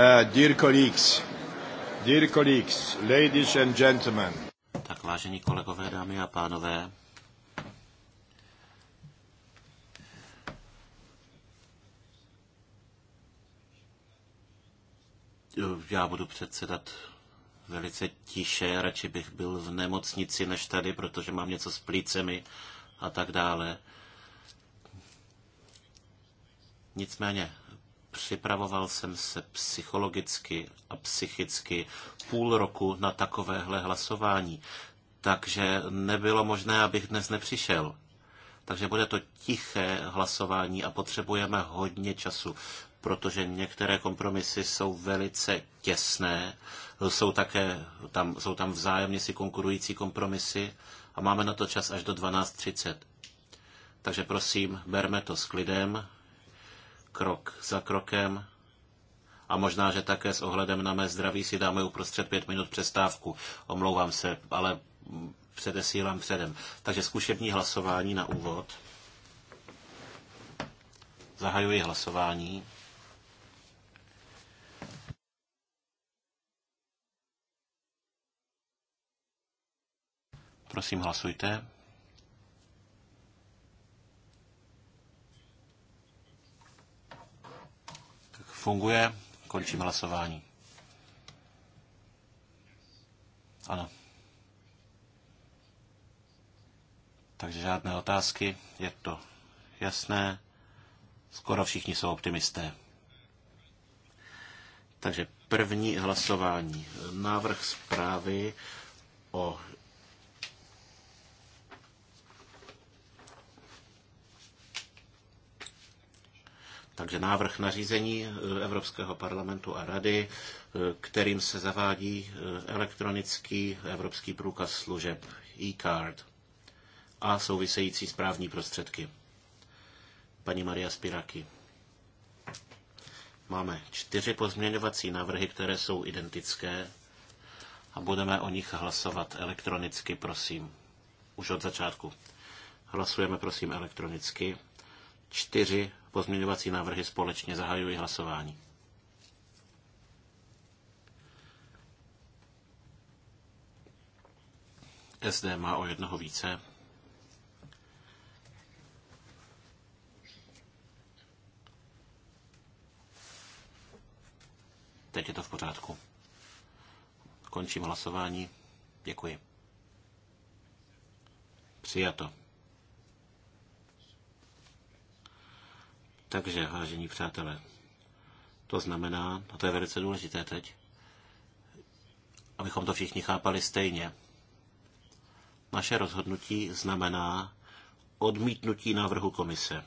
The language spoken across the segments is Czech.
Eh, dear colleagues, dear colleagues, ladies and gentlemen. Tak vážení kolegové, dámy a pánové, já budu předsedat velice tiše, radši bych byl v nemocnici než tady, protože mám něco s plícemi a tak dále. Nicméně, Připravoval jsem se psychologicky a psychicky půl roku na takovéhle hlasování, takže nebylo možné, abych dnes nepřišel. Takže bude to tiché hlasování a potřebujeme hodně času, protože některé kompromisy jsou velice těsné, jsou, také, tam, jsou tam vzájemně si konkurující kompromisy a máme na to čas až do 12.30. Takže prosím, berme to s klidem, krok za krokem a možná, že také s ohledem na mé zdraví si dáme uprostřed pět minut přestávku. Omlouvám se, ale předesílám předem. Takže zkušební hlasování na úvod. Zahajuji hlasování. Prosím, hlasujte. Funguje? Končím hlasování. Ano. Takže žádné otázky, je to jasné. Skoro všichni jsou optimisté. Takže první hlasování. Návrh zprávy o Takže návrh nařízení eh, Evropského parlamentu a rady, eh, kterým se zavádí eh, elektronický evropský průkaz služeb e-card a související správní prostředky. Paní Maria Spiraky. Máme čtyři pozměňovací návrhy, které jsou identické a budeme o nich hlasovat elektronicky, prosím. Už od začátku. Hlasujeme, prosím, elektronicky. Čtyři pozměňovací návrhy společně. Zahajuji hlasování. SD má o jednoho více. Teď je to v pořádku. Končím hlasování. Děkuji. Přijato. Takže, vážení přátelé, to znamená, a to je velice důležité teď, abychom to všichni chápali stejně. Naše rozhodnutí znamená odmítnutí návrhu komise.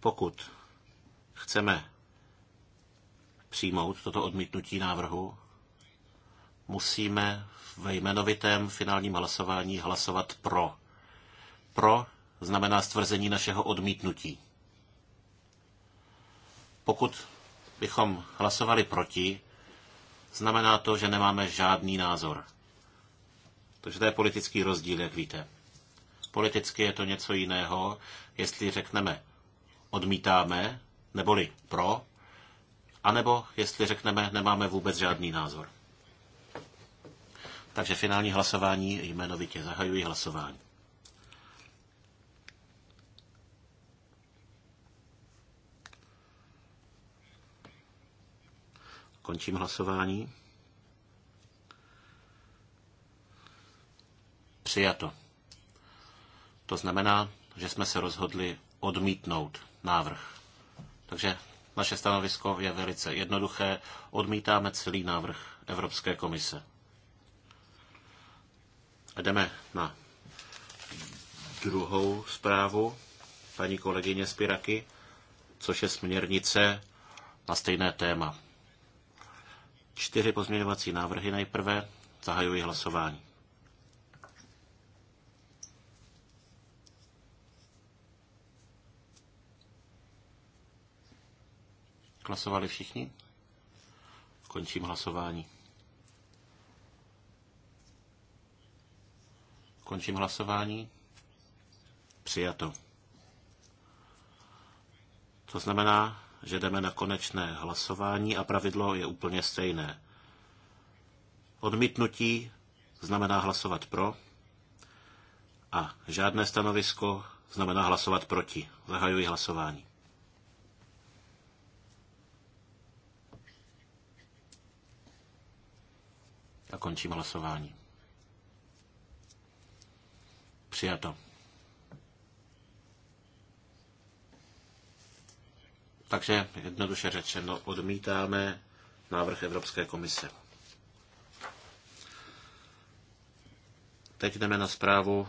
Pokud chceme přijmout toto odmítnutí návrhu, musíme ve jmenovitém finálním hlasování hlasovat pro. Pro znamená stvrzení našeho odmítnutí. Pokud bychom hlasovali proti, znamená to, že nemáme žádný názor. Takže to je politický rozdíl, jak víte. Politicky je to něco jiného, jestli řekneme odmítáme, neboli pro, anebo jestli řekneme nemáme vůbec žádný názor. Takže finální hlasování jmenovitě zahajují hlasování. Končím hlasování. Přijato. To znamená, že jsme se rozhodli odmítnout návrh. Takže naše stanovisko je velice jednoduché. Odmítáme celý návrh Evropské komise. A jdeme na druhou zprávu paní kolegyně Spiraky, což je směrnice na stejné téma. Čtyři pozměňovací návrhy nejprve. Zahajuji hlasování. Hlasovali všichni? Končím hlasování. Končím hlasování. Přijato. To znamená, že jdeme na konečné hlasování a pravidlo je úplně stejné. Odmítnutí znamená hlasovat pro a žádné stanovisko znamená hlasovat proti. Zahajuji hlasování. A končím hlasování. Přijato. Takže jednoduše řečeno odmítáme návrh Evropské komise. Teď jdeme na zprávu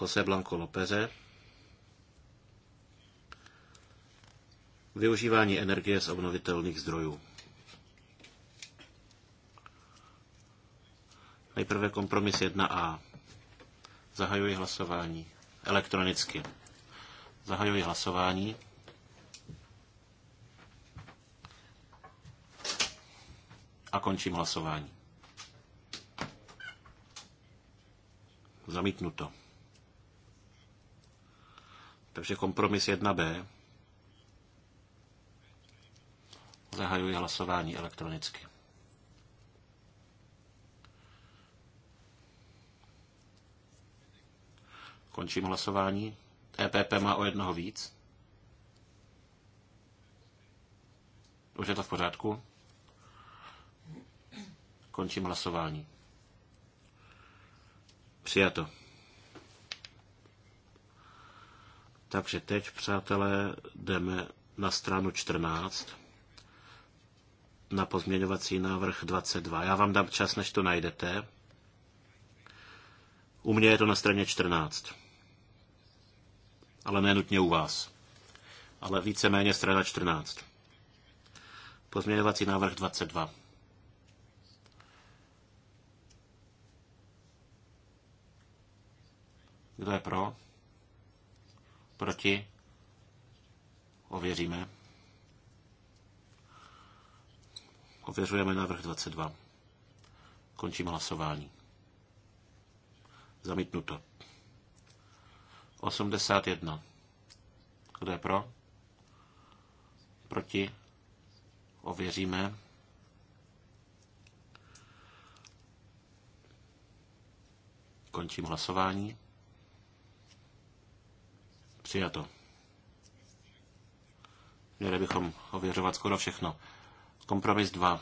Jose Blanco Lopeze. Využívání energie z obnovitelných zdrojů. Nejprve kompromis 1a. Zahajuji hlasování. Elektronicky. Zahajuji hlasování. A končím hlasování. Zamítnuto. Takže kompromis 1b. Zahajuji hlasování elektronicky. Končím hlasování. EPP má o jednoho víc. Už je to v pořádku? Končím hlasování. Přijato. Takže teď, přátelé, jdeme na stranu 14, na pozměňovací návrh 22. Já vám dám čas, než to najdete. U mě je to na straně 14. Ale nenutně u vás. Ale víceméně strana 14. Pozměňovací návrh 22. Kdo je pro? Proti? Ověříme. Ověřujeme návrh 22. Končím hlasování. Zamítnuto. 81. Kdo je pro? Proti? Ověříme. Končím hlasování. Přijato. Měli bychom ověřovat skoro všechno. Kompromis 2.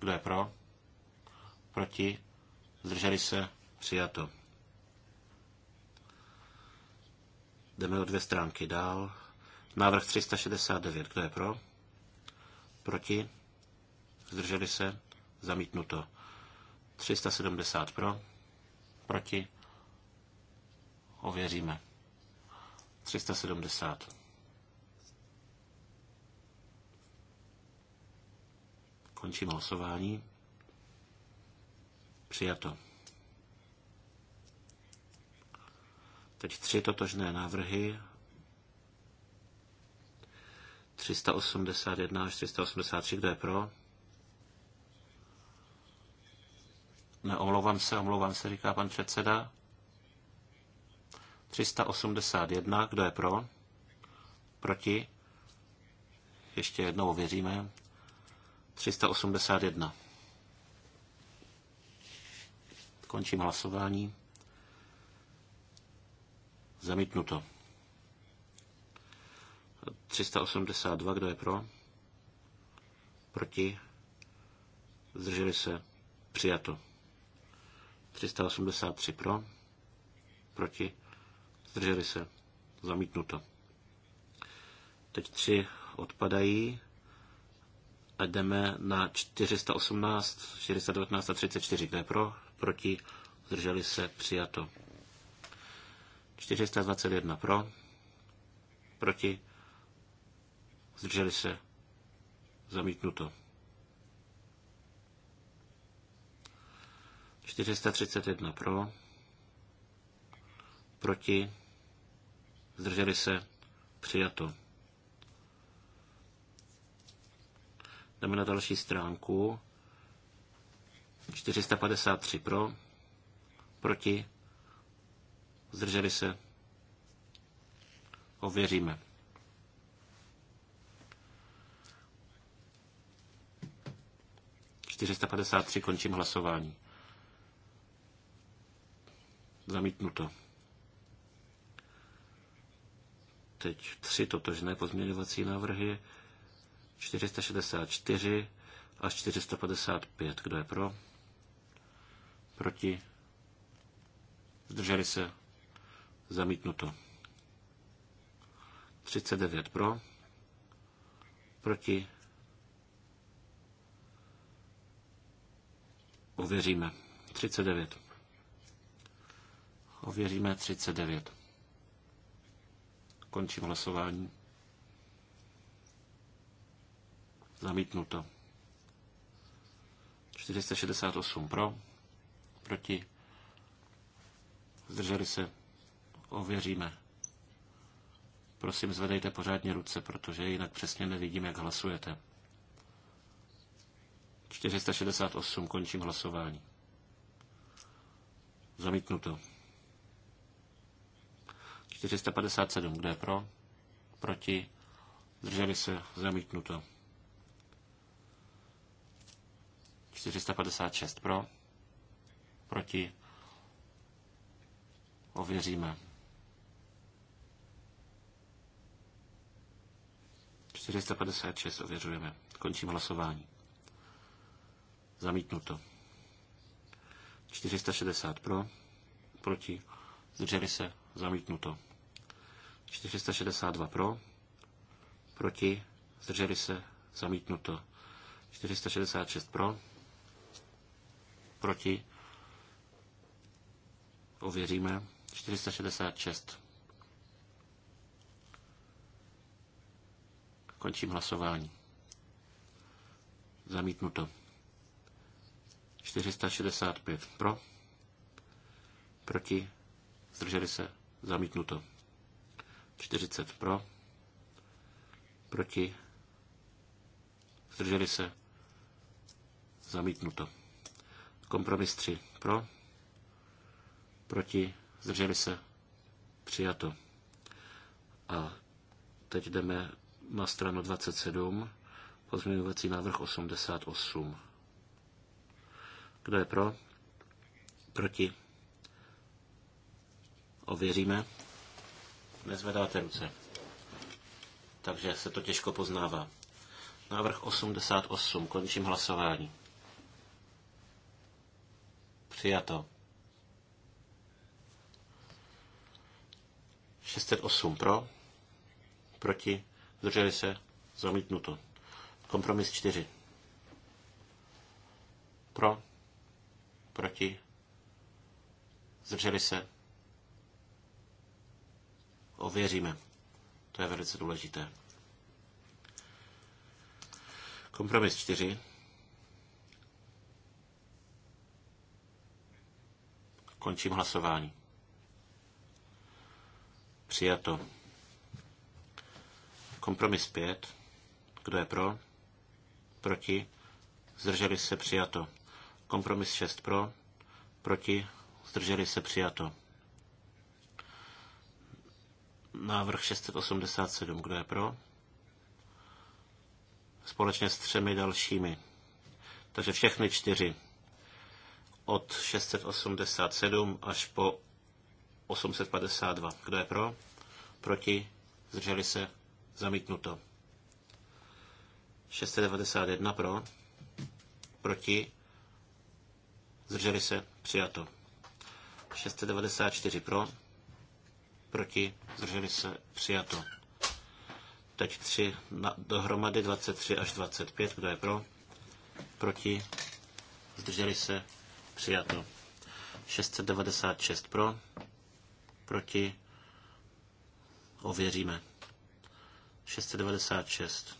Kdo je pro? Proti? Zdrželi se? Přijato. Jdeme o dvě stránky dál. Návrh 369. Kdo je pro? Proti? Zdrželi se? Zamítnuto. 370 pro? Proti? Ověříme. 370. Končím hlasování. Přijato. Teď tři totožné návrhy. 381 až 383, kdo je pro? Neomlouvám se, omlouvám se, říká pan předseda. 381, kdo je pro? Proti? Ještě jednou ověříme. 381. Končím hlasování. Zamítnuto. 382, kdo je pro? Proti? Zdrželi se? Přijato. 383 pro? Proti? Zdrželi se. Zamítnuto. Teď tři odpadají a jdeme na 418, 419 a 34. Kde pro? Proti? Zdrželi se. Přijato. 421 pro. Proti? Zdrželi se. Zamítnuto. 431 pro. Proti? zdrželi se, přijato. Jdeme na další stránku. 453 pro, proti, zdrželi se, ověříme. ...453 končím hlasování. Zamítnuto. teď tři totožné pozměňovací návrhy, 464 a 455. Kdo je pro? Proti? Zdrželi se? Zamítnuto. 39 pro? Proti? Ověříme. 39. Ověříme 39. Končím hlasování. Zamítnuto. 468 pro, proti, zdrželi se, ověříme. Prosím, zvedejte pořádně ruce, protože jinak přesně nevidím, jak hlasujete. 468, končím hlasování. Zamítnuto. 457, kdo je pro? Proti? Zdrželi se? Zamítnuto. 456 pro? Proti? Ověříme. 456 ověřujeme. Končím hlasování. Zamítnuto. 460 pro, proti, zdrželi se, zamítnuto. 462 pro, proti, zdrželi se, zamítnuto. 466 pro, proti, ověříme, 466. Končím hlasování. Zamítnuto. 465 pro, proti, zdrželi se, zamítnuto. 40 pro, proti, zdrželi se, zamítnuto. Kompromis 3 pro, proti, zdrželi se, přijato. A teď jdeme na stranu 27, pozměňovací návrh 88. Kdo je pro? Proti? Ověříme. Nezvedáte ruce. Takže se to těžko poznává. Návrh 88. Končím hlasování. Přijato. 608 pro, proti, zdrželi se, zamítnuto. Kompromis 4. Pro, proti, zdrželi se, ověříme. To je velice důležité. Kompromis 4. Končím hlasování. Přijato. Kompromis 5. Kdo je pro? Proti? Zdrželi se přijato. Kompromis 6 pro? Proti? Zdrželi se přijato. Návrh 687, kdo je pro? Společně s třemi dalšími. Takže všechny čtyři. Od 687 až po 852. Kdo je pro? Proti? Zdrželi se? Zamítnuto. 691 pro? Proti? Zdrželi se? Přijato. 694 pro? proti, zdrželi se, přijato. Teď 3 na, dohromady 23 až 25, kdo je pro, proti, zdrželi se, přijato. 696 pro, proti, ověříme. 696.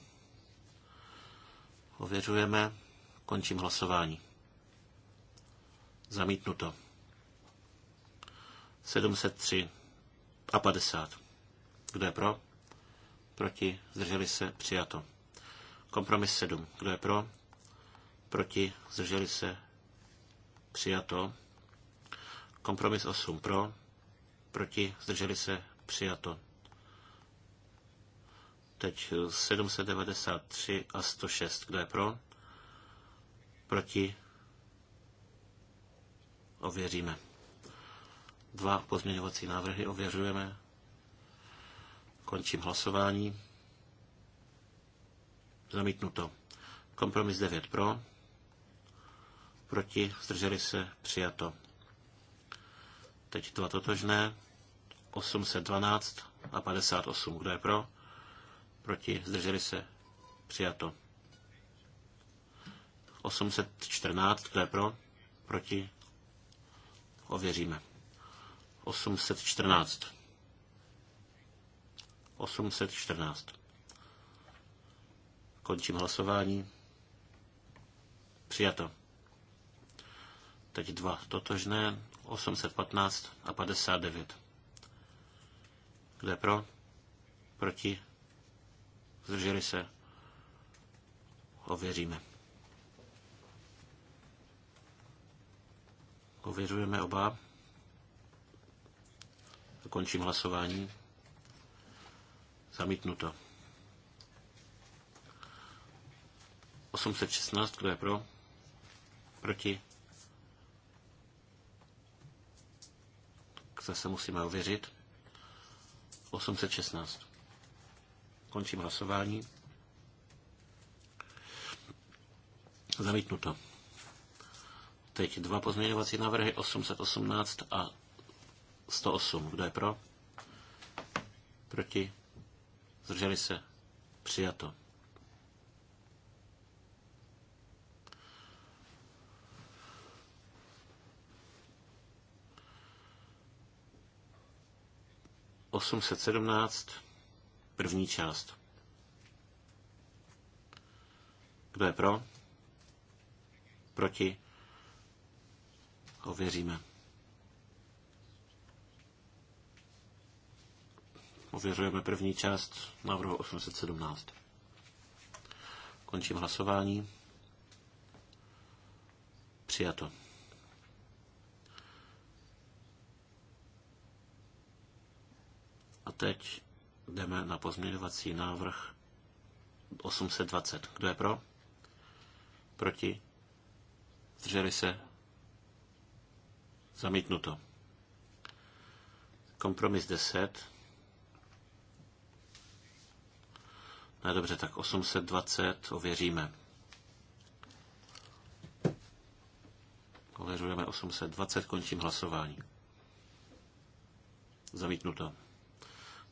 Ověřujeme, končím hlasování. Zamítnuto. 703 a 50. Kdo je pro? Proti? Zdrželi se? Přijato. Kompromis 7. Kdo je pro? Proti? Zdrželi se? Přijato. Kompromis 8. Pro? Proti? Zdrželi se? Přijato. Teď 793 a 106. Kdo je pro? Proti? Ověříme. Dva pozměňovací návrhy ověřujeme. Končím hlasování. Zamítnuto. Kompromis 9 pro. Proti. Zdrželi se. Přijato. Teď dva totožné. 812 a 58. Kdo je pro? Proti. Zdrželi se. Přijato. 814. Kdo je pro? Proti. Ověříme. 814. 814. Končím hlasování. Přijato. Teď dva totožné, 815 a 59. Kde pro? Proti? Zdrželi se? Ověříme. Ověřujeme oba. Končím hlasování. Zamítnuto. 816, kdo je pro? Proti? Zase musíme ověřit. 816. Končím hlasování. Zamítnuto. Teď dva pozměňovací návrhy 818 a 108. Kdo je pro? Proti? Zdrželi se? Přijato. Osmset sedmnáct, první část. Kdo je pro? Proti? Ověříme. Ověřujeme první část návrhu 817. Končím hlasování. Přijato. A teď jdeme na pozměňovací návrh 820. Kdo je pro? Proti? Zdrželi se? Zamítnuto. Kompromis 10. Ne, no dobře, tak 820 ověříme. Ověřujeme 820, končím hlasování. Zamítnuto.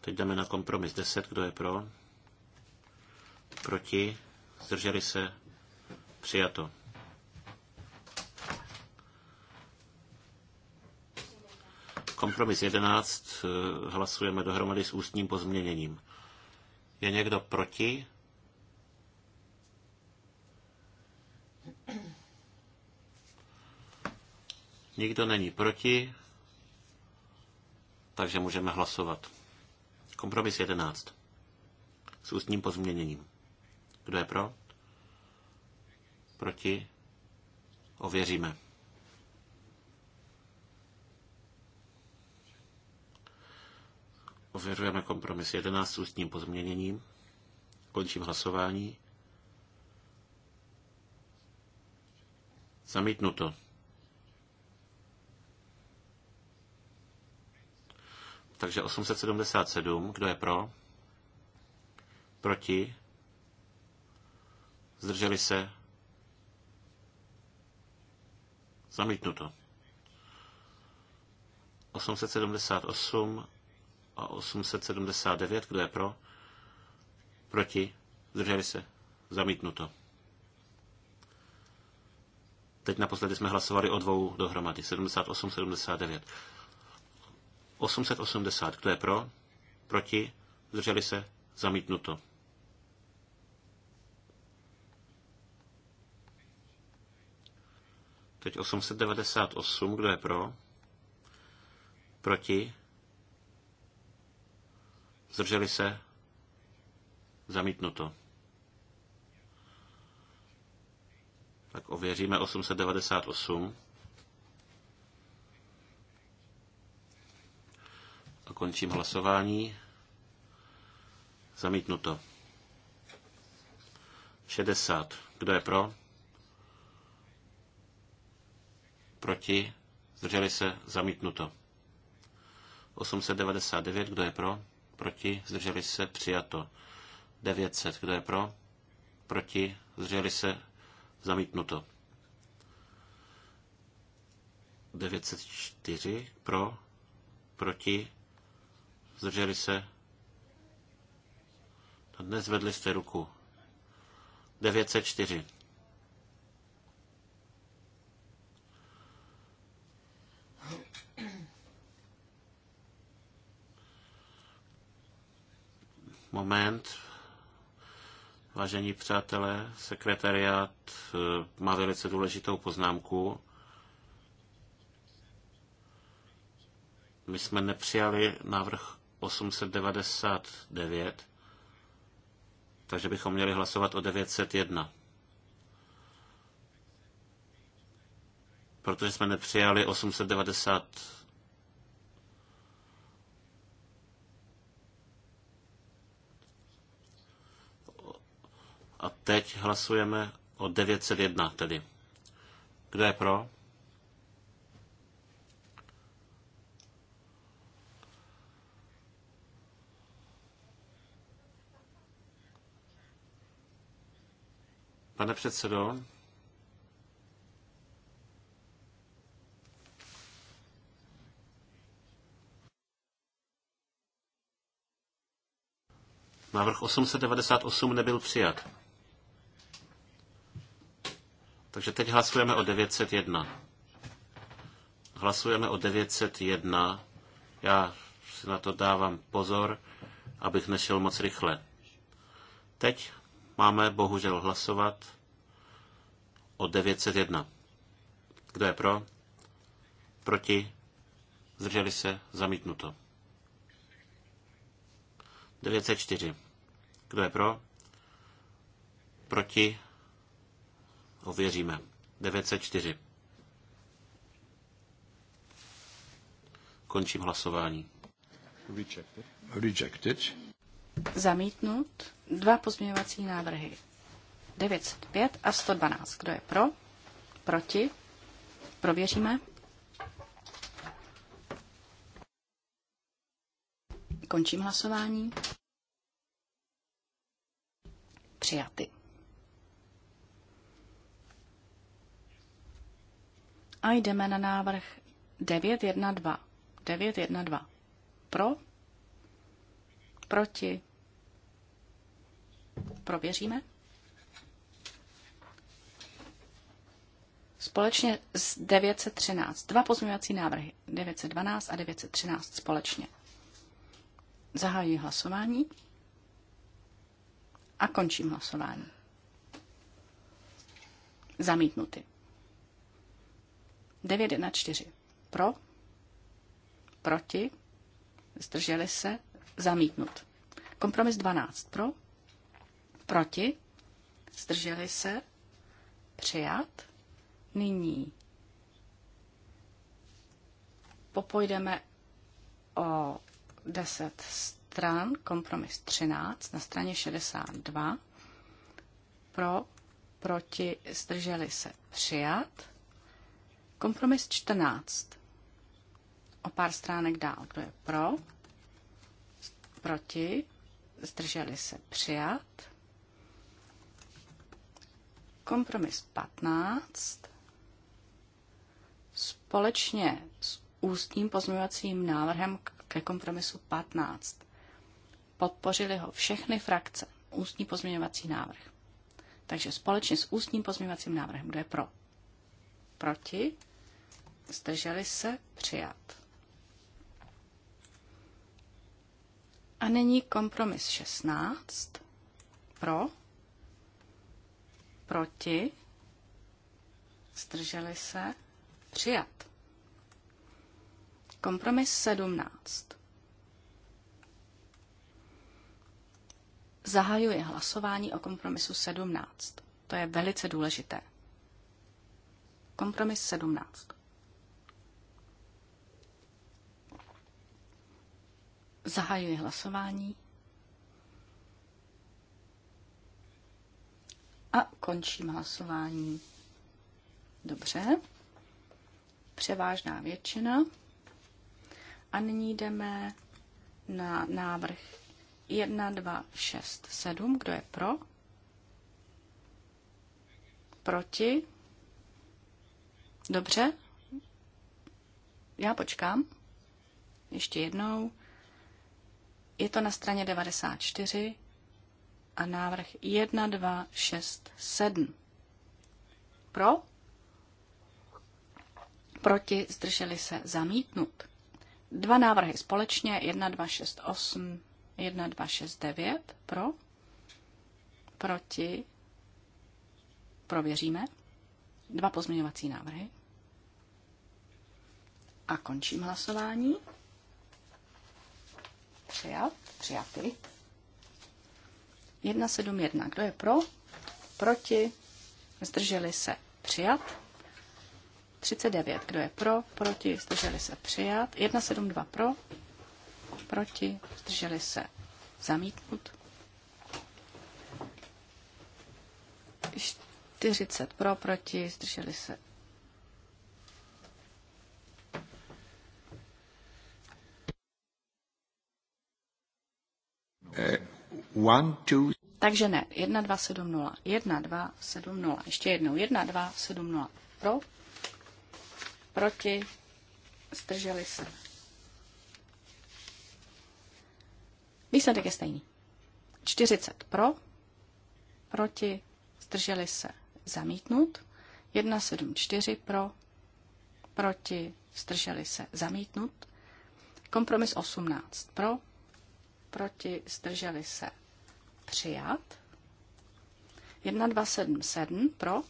Teď jdeme na kompromis 10, kdo je pro? Proti? Zdrželi se? Přijato. Kompromis 11 eh, hlasujeme dohromady s ústním pozměněním. Je někdo proti? Nikdo není proti, takže můžeme hlasovat. Kompromis 11. S ústním pozměněním. Kdo je pro? Proti? Ověříme. Ověřujeme kompromis 11 s ústním pozměněním. Končím hlasování. Zamítnuto. Takže 877, kdo je pro? Proti? Zdrželi se? Zamítnuto. 878 a 879. Kdo je pro? Proti? Zdrželi se? Zamítnuto. Teď naposledy jsme hlasovali o dvou dohromady. 78, 79. 880. Kdo je pro? Proti? Zdrželi se? Zamítnuto. Teď 898. Kdo je pro? Proti? Zdrželi se? Zamítnuto. Tak ověříme 898. A končím hlasování. Zamítnuto. 60. Kdo je pro? Proti? Zdrželi se? Zamítnuto. 899. Kdo je pro? Proti? Zdrželi se? Přijato. 900. Kdo je pro? Proti? Zdrželi se? Zamítnuto. 904. Pro? Proti? Zdrželi se? No, vedli jste ruku. 904. Moment. Vážení přátelé, sekretariát eh, má velice důležitou poznámku. My jsme nepřijali návrh 899, takže bychom měli hlasovat o 901. Protože jsme nepřijali 899. A teď hlasujeme o 901 tedy. Kdo je pro? Pane předsedo, návrh 898 nebyl přijat. Takže teď hlasujeme o 901. Hlasujeme o 901. Já si na to dávám pozor, abych nešel moc rychle. Teď máme bohužel hlasovat o 901. Kdo je pro? Proti? Zdrželi se? Zamítnuto. 904. Kdo je pro? Proti? Ověříme. 904. Končím hlasování. Rejected. Rejected. Zamítnut dva pozměňovací návrhy. 905 a 112. Kdo je pro? Proti? Prověříme. Končím hlasování. Přijaty. A jdeme na návrh 912. 912. Pro? Proti? Prověříme? Společně s 913. Dva pozměňovací návrhy. 912 a 913 společně. Zahájí hlasování a končím hlasování. Zamítnuty. 9/4 Pro, proti, zdrželi se, zamítnut. Kompromis 12. Pro, proti, zdrželi se, přijat. Nyní popojdeme o 10 stran, kompromis 13 na straně 62. Pro, proti, zdrželi se, přijat. Kompromis 14. O pár stránek dál. Kdo je pro? Proti? Zdrželi se přijat. Kompromis 15. Společně s ústním pozměňovacím návrhem ke kompromisu 15. Podpořili ho všechny frakce. Ústní pozměňovací návrh. Takže společně s ústním pozměňovacím návrhem. Kdo je pro? Proti? Zdrželi se? Přijat. A nyní kompromis 16. Pro? Proti? Zdrželi se? Přijat. Kompromis 17. Zahajuji hlasování o kompromisu 17. To je velice důležité. Kompromis 17. Zahajuji hlasování. A končím hlasování. Dobře. Převážná většina. A nyní jdeme na návrh 1, 2, 6, 7. Kdo je pro? Proti? Dobře. Já počkám. Ještě jednou. Je to na straně 94 a návrh 1, 2, 6, 7. Pro? Proti zdrželi se zamítnut. Dva návrhy společně, 1, 2, 6, 8, 1, 2, 6, 9. Pro? Proti? Prověříme. Dva pozměňovací návrhy. A končím hlasování. Přijat. přijaty. 1, 7, 1. Kdo je pro? Proti? Zdrželi se. Přijat. 39. Kdo je pro? Proti? Zdrželi se. Přijat. 1, 7, 2. Pro? Proti? Zdrželi se. Zamítnut. 40 pro, proti, zdrželi se Eh, one, two. Takže ne, 1, 2, 7, 0. 1, 2, 7, 0. Ještě jednou, 1, 2, 7, 0. Pro, proti, zdrželi se. Výsledek je stejný. 40 pro, proti, zdrželi se, zamítnut. 1, 7, 4 pro, proti, zdrželi se, zamítnut. Kompromis 18 pro, proti, zdrželi se přijat. 7, pro,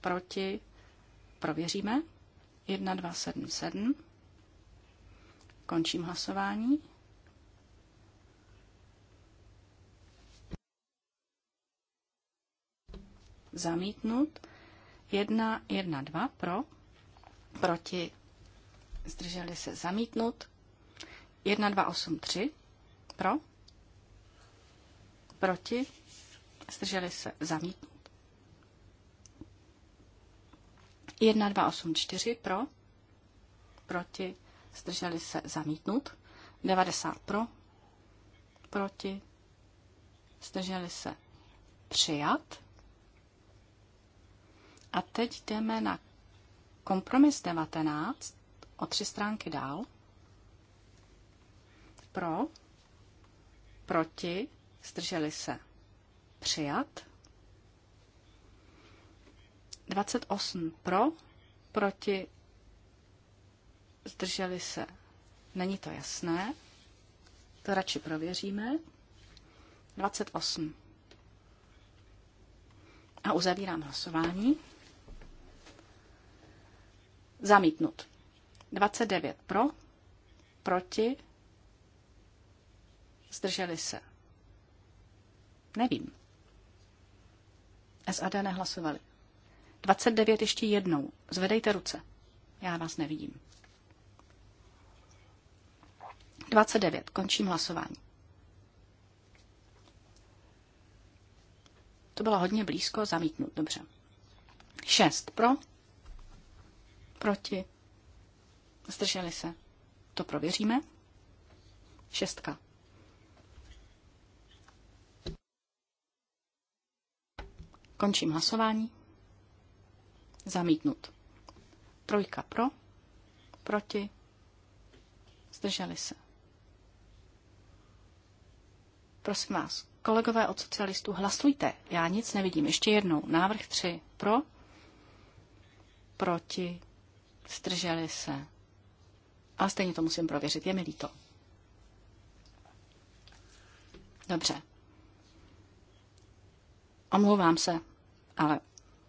proti, prověříme. 7, Končím hlasování. Zamítnut. 1, 1, 2 pro, proti, zdrželi se zamítnut. 3. pro, proti, zdrželi se zamítnout. 4. pro, proti, zdrželi se zamítnout. 90 pro, proti, zdrželi se přijat. A teď jdeme na kompromis 19 o tři stránky dál pro, proti, zdrželi se přijat. 28 pro, proti, zdrželi se. Není to jasné, to radši prověříme. 28. A uzavírám hlasování. Zamítnut. 29 pro, proti, Zdrželi se. Nevím. SAD nehlasovali. 29 ještě jednou. Zvedejte ruce. Já vás nevidím. 29. Končím hlasování. To bylo hodně blízko, zamítnut, dobře. 6 pro, proti, zdrželi se. To prověříme. Šestka. Končím hlasování. Zamítnut. Trojka pro, proti, zdrželi se. Prosím vás, kolegové od socialistů, hlasujte. Já nic nevidím. Ještě jednou. Návrh 3 pro, proti, zdrželi se. A stejně to musím prověřit. Je mi líto. Dobře. Omlouvám se, ale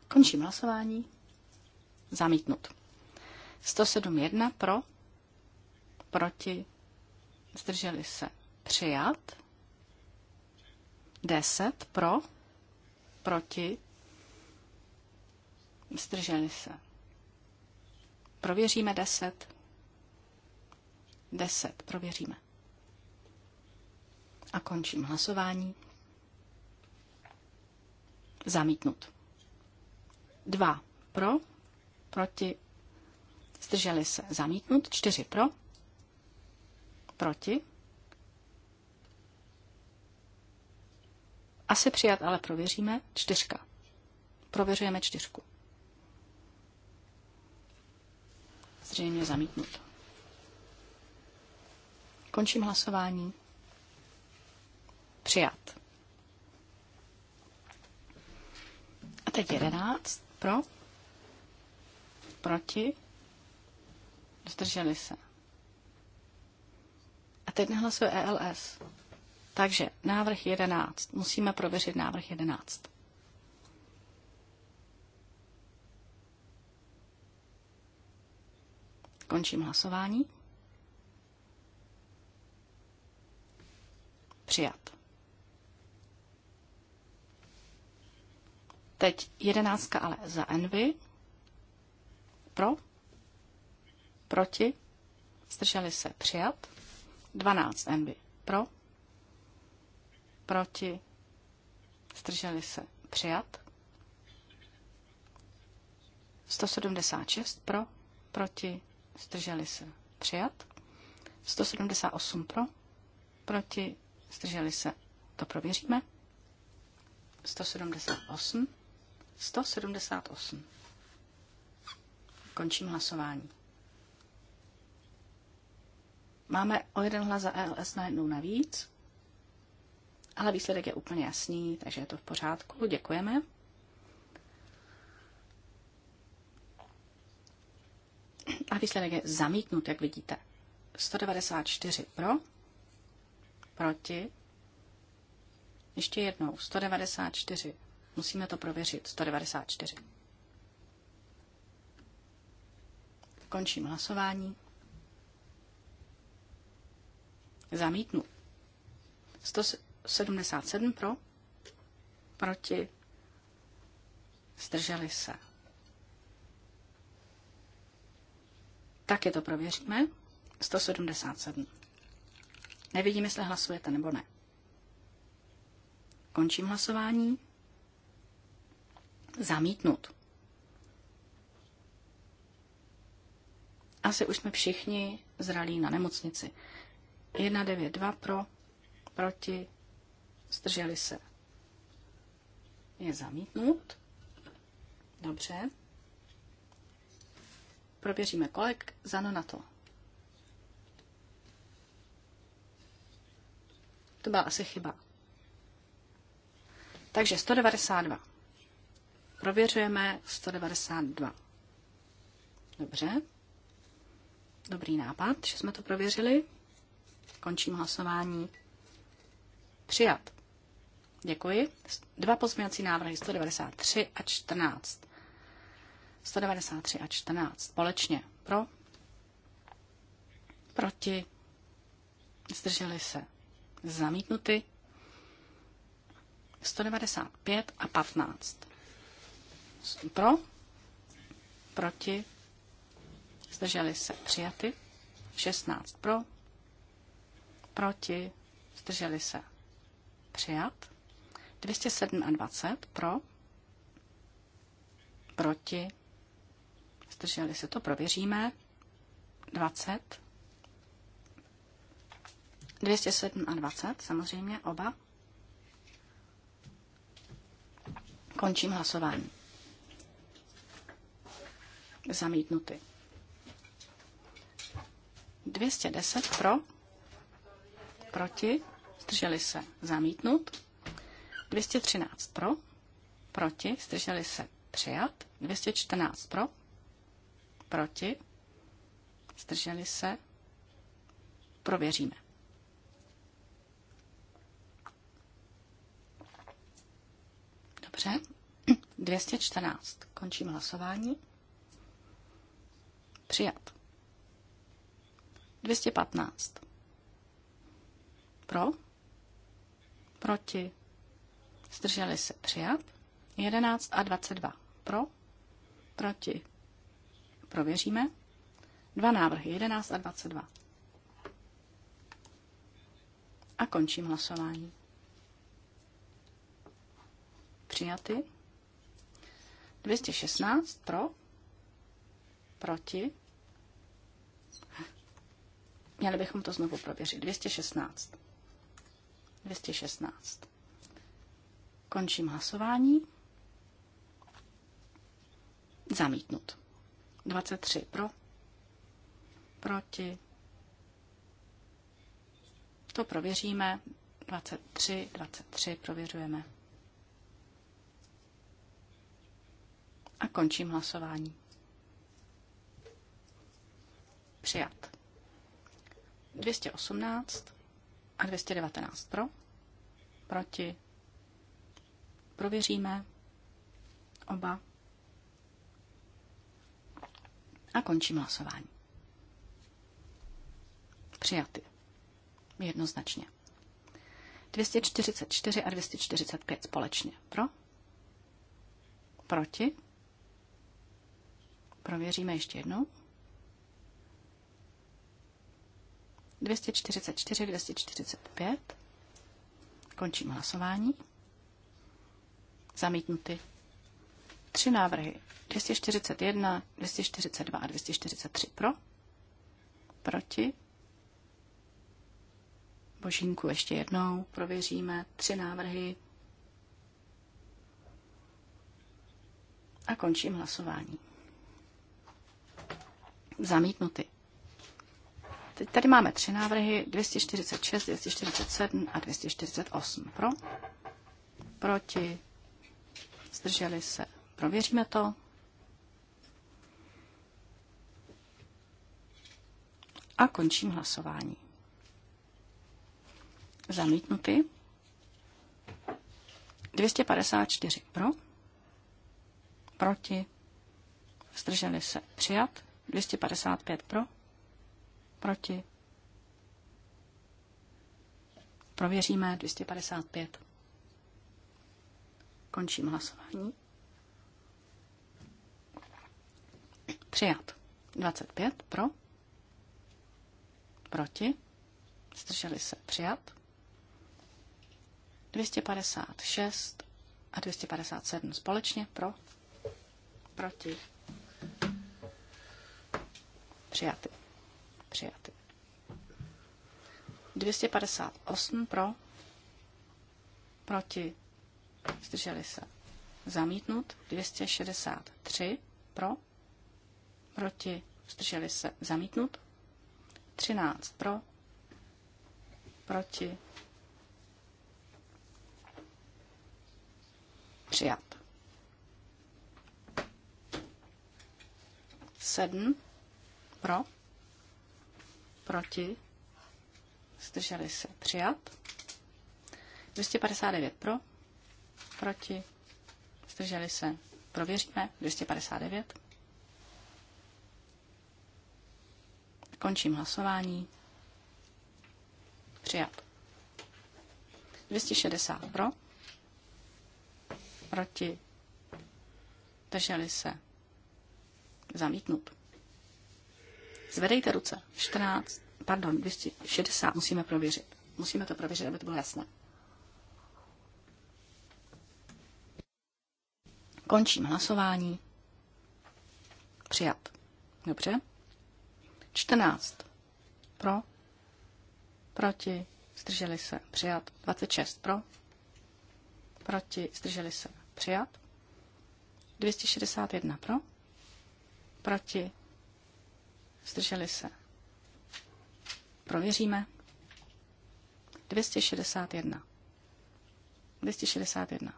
končím hlasování. Zamítnut. 107.1 pro, proti, zdrželi se. Přijat. 10 pro, proti, zdrželi se. Prověříme 10. 10 prověříme. A končím hlasování. Zamítnut. 2 pro, proti, zdrželi se. Zamítnut. 4 pro, proti. Asi přijat, ale prověříme. Čtyřka. Prověřujeme čtyřku. Zřejmě zamítnut. Končím hlasování. Přijat. teď jedenáct. Pro? Proti? Zdrželi se. A teď nehlasuje ELS. Takže návrh 11. Musíme prověřit návrh 11. Končím hlasování. Přijat. Teď jedenáctka ale za Envy. Pro? Proti? Zdrželi se přijat. Dvanáct Envy. Pro? Proti? Zdrželi se přijat. 176 pro, proti, zdrželi se přijat. 178 pro, proti, zdrželi se, to prověříme. 178. 178. Končím hlasování. Máme o jeden hlas za ELS najednou navíc, ale výsledek je úplně jasný, takže je to v pořádku. Děkujeme. A výsledek je zamítnut, jak vidíte. 194 pro, proti, ještě jednou, 194 Musíme to prověřit. 194. Končím hlasování. Zamítnu. 177 pro, proti, zdrželi se. je to prověříme. 177. Nevidím, jestli hlasujete nebo ne. Končím hlasování. Zamítnut. Asi už jsme všichni zralí na nemocnici. 192 pro, proti, zdrželi se. Je zamítnut. Dobře. Prověříme kolek Zano na to. To byla asi chyba. Takže 192. Prověřujeme 192. Dobře. Dobrý nápad, že jsme to prověřili. Končím hlasování. Přijat. Děkuji. Dva pozměňovací návrhy 193 a 14. 193 a 14. Společně. Pro. Proti. Zdrželi se. Zamítnuty. 195 a 15. Pro? Proti? Zdrželi se přijaty. 16 pro. Proti? Zdrželi se přijat. 227 pro. Proti? Zdrželi se to, prověříme. 20. 207 a 20, samozřejmě oba. Končím hlasování. Zamítnuty. 210 pro, proti, zdrželi se, zamítnut. 213 pro, proti, zdrželi se, přijat. 214 pro, proti, zdrželi se, prověříme. Dobře, 214. Končím hlasování. Přijat. 215. Pro? Proti? Zdrželi se přijat. 11 a 22. Pro? Proti? Prověříme. Dva návrhy, 11 a 22. A končím hlasování. Přijaty. 216 pro, Proti? Měli bychom to znovu prověřit. 216. 216. Končím hlasování. Zamítnut. 23 pro. Proti. To prověříme. 23, 23 prověřujeme. A končím hlasování. Přijat. 218 a 219 pro. Proti. Prověříme oba. A končím hlasování. Přijaty. Jednoznačně. 244 a 245 společně. Pro? Proti? Prověříme ještě jednou. 244, 245. Končím hlasování. Zamítnuty. Tři návrhy. 241, 242 a 243 pro. Proti. Božínku ještě jednou prověříme. Tři návrhy. A končím hlasování. Zamítnuty. Teď tady máme tři návrhy 246, 247 a 248. Pro? Proti? Zdrželi se? Prověříme to. A končím hlasování. Zamítnuty. 254 pro. Proti. Zdrželi se. Přijat. 255 pro. Proti. Prověříme 255. Končím hlasování. Přijat. 25 pro. Proti. Zdrželi se. Přijat. 256 a 257 společně pro. Proti. Přijaty. Přijaty. 258 pro, proti, zdrželi se. Zamítnut 263 pro, proti, zdrželi se. Zamítnut 13 pro, proti, přijat. 7 pro, Proti? Zdrželi se. Přijat. 259 pro. Proti? Zdrželi se. Prověříme. 259. Končím hlasování. Přijat. 260 pro. Proti? Zdrželi se. Zamítnut. Zvedejte ruce. 14, pardon, 260 musíme prověřit. Musíme to prověřit, aby to bylo jasné. Končím hlasování. Přijat. Dobře. 14. Pro. Proti. Zdrželi se. Přijat. 26. Pro. Proti. Zdrželi se. Přijat. 261. Pro. Proti. Zdrželi se. Prověříme. 261. 261.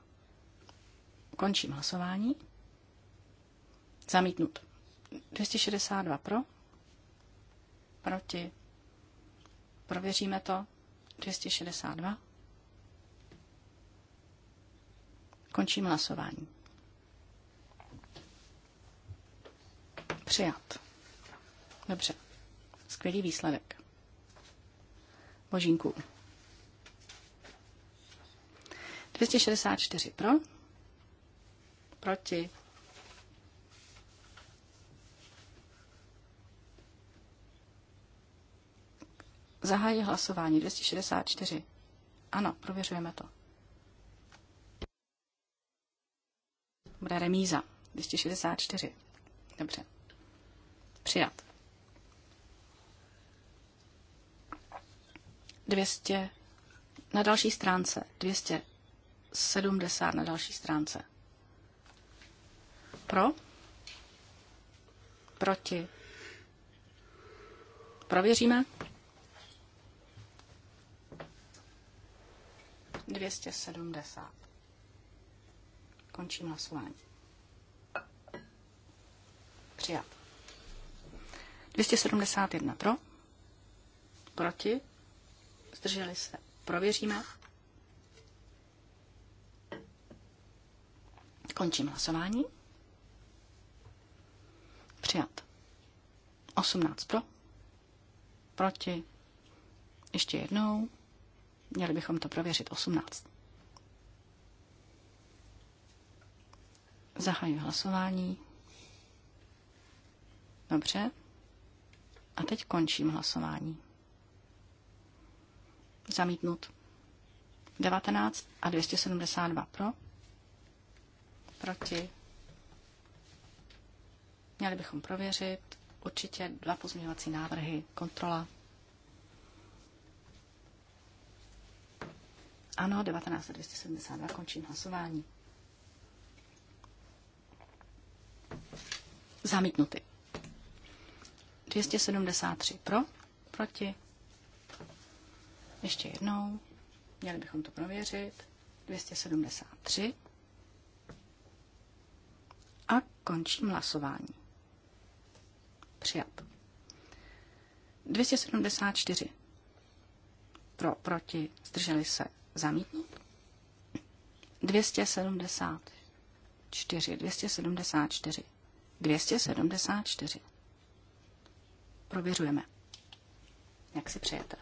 Končím hlasování. Zamítnut. 262 pro. Proti. Prověříme to. 262. Končím hlasování. Přijat. Dobře. Skvělý výsledek. Božínku. 264 pro. Proti. Zahájí hlasování 264. Ano, prověřujeme to. Bude remíza. 264. Dobře. Přijat. 200 na další stránce, 270 na další stránce. Pro? Proti? Prověříme? 270. Končím hlasování. Přijat. 271 pro, proti, zdrželi se, prověříme. Končím hlasování. Přijat. 18 pro. Proti. Ještě jednou. Měli bychom to prověřit. 18. Zahajuji hlasování. Dobře. A teď končím hlasování. Zamítnut. 19 a 272 pro. Proti. Měli bychom prověřit. Určitě dva pozměňovací návrhy. Kontrola. Ano, 19 a 272 končím hlasování. Zamítnuty. 273 pro, proti ještě jednou, měli bychom to prověřit. 273. A končím hlasování. Přijat. 274. Pro, proti, zdrželi se, zamítnout. 274, 274, 274. Prověřujeme, jak si přejete.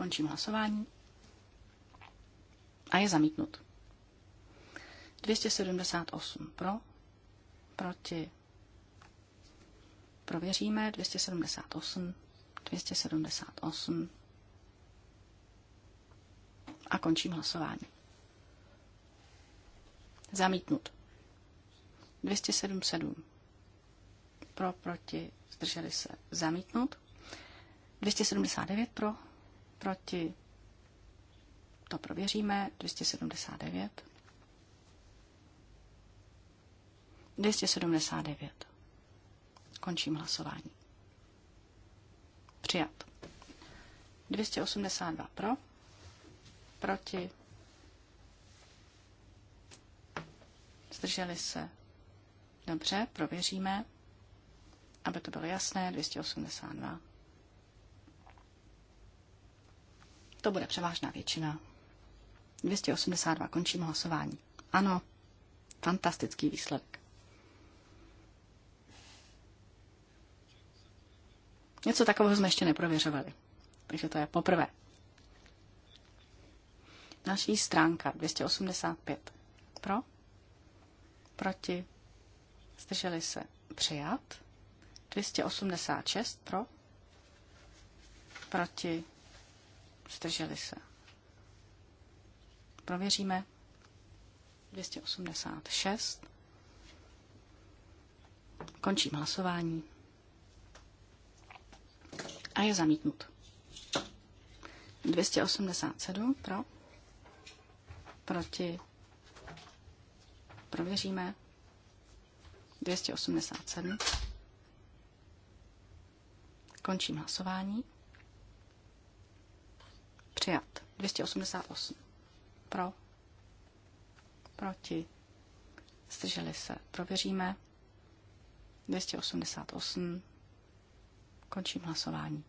Končím hlasování. A je zamítnut. 278 pro, proti. Prověříme 278, 278 a končím hlasování. Zamítnut. 277 pro, proti, zdrželi se, zamítnut. 279 pro, proti, to prověříme, 279. 279. Končím hlasování. Přijat. 282 pro, proti, zdrželi se. Dobře, prověříme, aby to bylo jasné, 282. To bude převážná většina. 282 končím hlasování. Ano, fantastický výsledek. Něco takového jsme ještě neprověřovali. Takže to je poprvé. Naší stránka 285. Pro? Proti? Zdrželi se? Přijat? 286 pro? Proti? Zdrželi se. Prověříme. 286. Končím hlasování. A je zamítnut. 287 pro. Proti. Prověříme. 287. Končím hlasování. Přijat. 288. Pro. Proti. Zdrželi se. Prověříme. 288. Končím hlasování.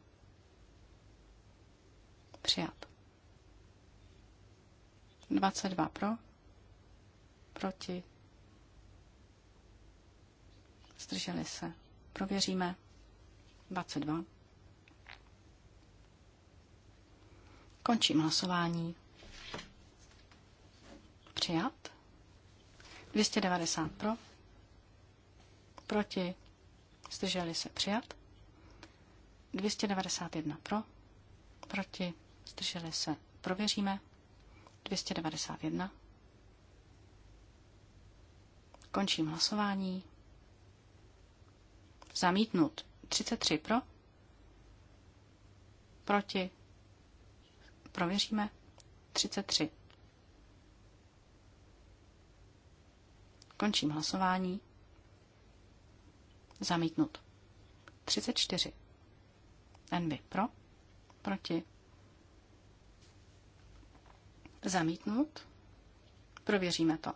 Přijat. 22 pro. Proti. Zdrželi se. Prověříme. 22. Končím hlasování. Přijat. 290 pro. Proti. Zdrželi se. Přijat. 291 pro. Proti. Zdrželi se. Prověříme. 291. Končím hlasování. Zamítnut. 33 pro. Proti. Prověříme 33. Končím hlasování. Zamítnut. 34. Envy pro, proti. Zamítnut. Prověříme to.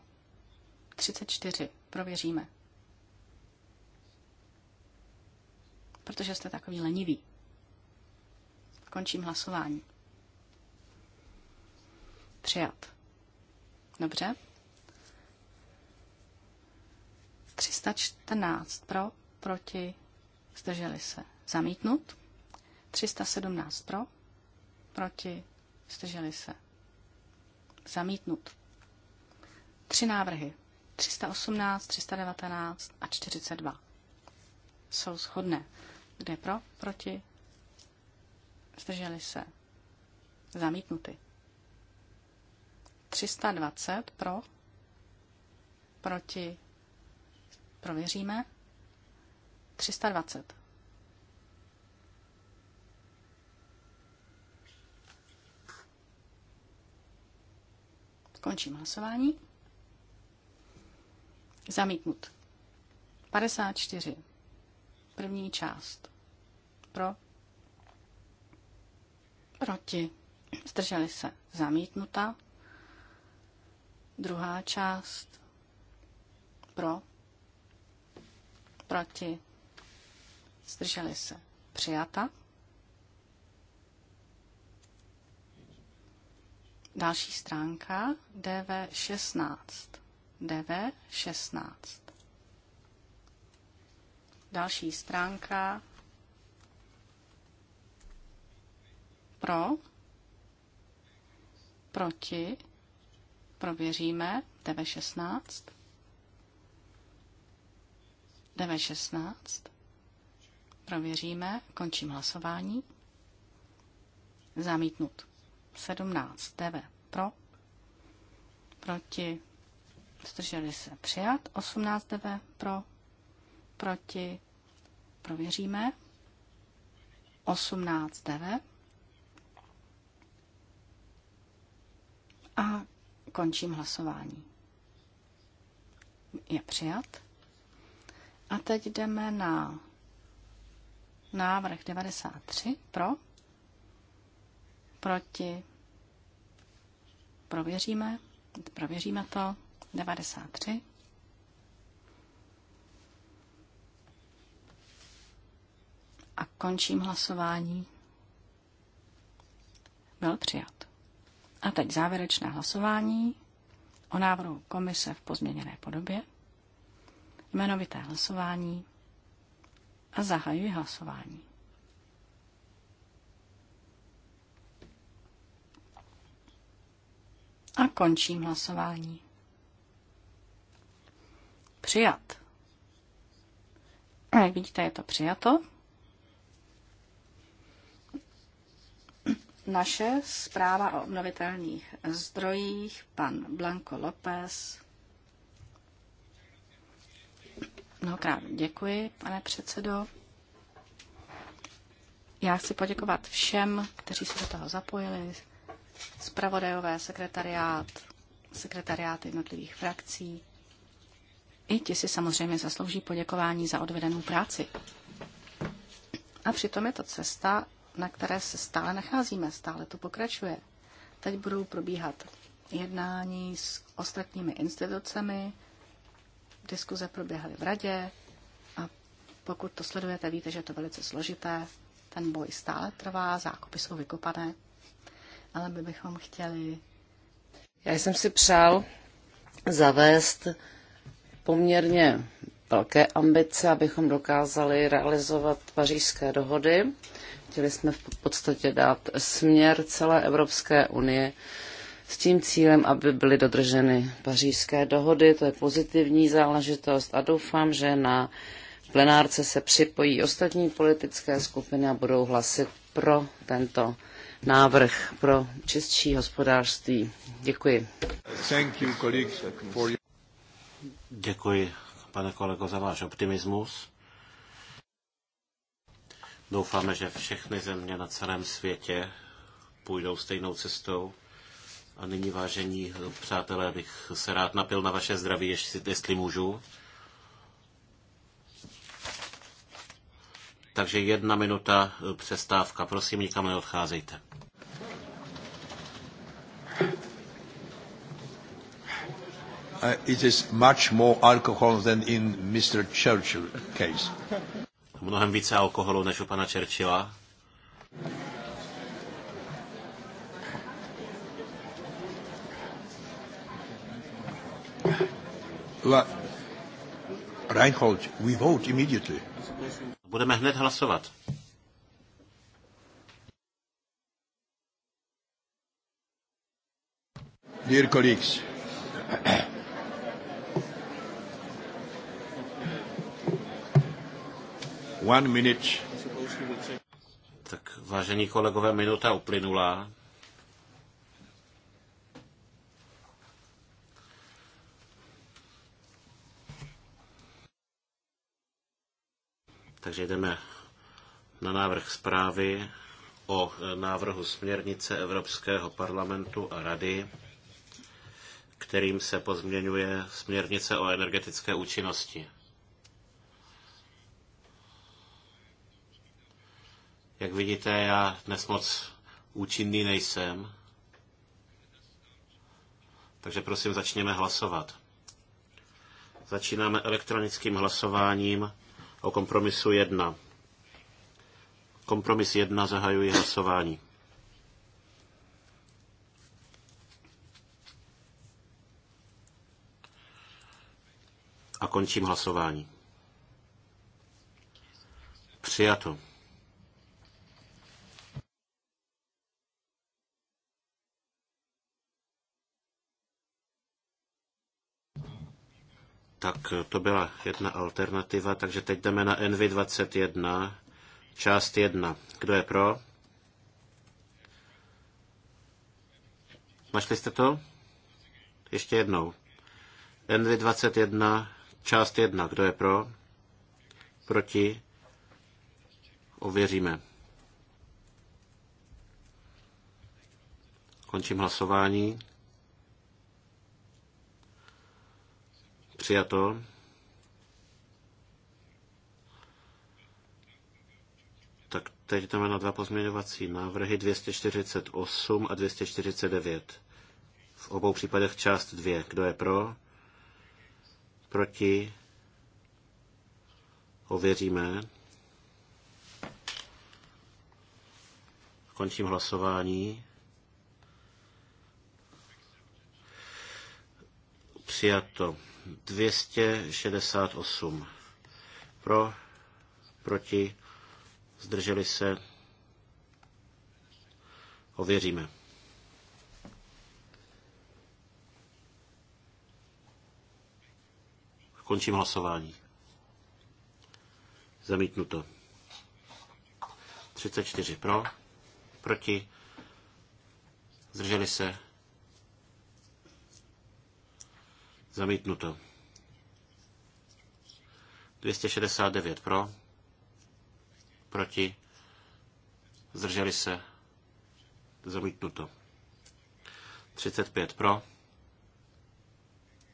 34. Prověříme. Protože jste takový lenivý. Končím hlasování. Přijat. Dobře. 314 pro, proti, zdrželi se. Zamítnut. 317 pro, proti, zdrželi se. Zamítnut. Tři návrhy. 318, 319 a 42 jsou shodné. Kde pro, proti, zdrželi se. Zamítnuty. 320 pro, proti, prověříme. 320. Končím hlasování. Zamítnut. 54. První část. Pro. Proti. Zdrželi se. Zamítnuta. Druhá část pro, proti, zdrželi se, přijata. Další stránka DV16. DV16. Další stránka pro, proti, prověříme. tv 16 tv 16 Prověříme. Končím hlasování. Zamítnut. 17. TV pro. Proti. Zdrželi se přijat. 18 TV pro. Proti. Prověříme. 18 TV. A Končím hlasování. Je přijat. A teď jdeme na návrh 93 pro, proti, prověříme, prověříme to, 93. A končím hlasování. Byl přijat. A teď závěrečné hlasování o návrhu komise v pozměněné podobě, jmenovité hlasování a zahajuji hlasování. A končím hlasování. Přijat. A eh, jak vidíte, je to přijato. naše zpráva o obnovitelných zdrojích, pan Blanco López. Mnohokrát děkuji, pane předsedo. Já chci poděkovat všem, kteří se do toho zapojili, zpravodajové, sekretariát, sekretariát jednotlivých frakcí. I ti si samozřejmě zaslouží poděkování za odvedenou práci. A přitom je to cesta, na které se stále nacházíme, stále to pokračuje. Teď budou probíhat jednání s ostatními institucemi, diskuze proběhly v radě a pokud to sledujete, víte, že je to velice složité. Ten boj stále trvá, zákopy jsou vykopané, ale my bychom chtěli. Já jsem si přál zavést poměrně velké ambice, abychom dokázali realizovat pařížské dohody. Chtěli jsme v podstatě dát směr celé Evropské unie s tím cílem, aby byly dodrženy pařížské dohody. To je pozitivní záležitost a doufám, že na plenárce se připojí ostatní politické skupiny a budou hlasit pro tento návrh pro čistší hospodářství. Děkuji. Děkuji pane kolego, za váš optimismus. Doufáme, že všechny země na celém světě půjdou stejnou cestou. A nyní, vážení přátelé, bych se rád napil na vaše zdraví, jestli, jestli můžu. Takže jedna minuta eh, přestávka. Prosím, nikam neodcházejte. Mnohem více alkoholu než u pana Churchilla. Reinhold, we vote immediately. Budeme hned hlasovat. Dear colleagues, One minute. Tak vážení kolegové, minuta uplynula. Takže jdeme na návrh zprávy o e, návrhu směrnice Evropského parlamentu a rady, kterým se pozměňuje směrnice o energetické účinnosti. Jak vidíte, já dnes moc účinný nejsem. Takže prosím, začněme hlasovat. Začínáme elektronickým hlasováním o kompromisu 1. Kompromis 1 zahajuje hlasování. A končím hlasování. Přijato. Tak to byla jedna alternativa, takže teď jdeme na NV21, část 1. Kdo je pro? Našli jste to? Ještě jednou. NV21, část 1. Kdo je pro? Proti? Ověříme. Končím hlasování. Přijato. Tak teď jdeme na dva pozměňovací návrhy 248 a 249. V obou případech část 2. Kdo je pro? Proti? Ověříme. Končím hlasování. Přijato. 268. Pro, proti, zdrželi se, ověříme. Končím hlasování. Zamítnuto. 34 pro, proti, zdrželi se, Zamítnuto. 269 pro, proti, zdrželi se, zamítnuto. 35 pro,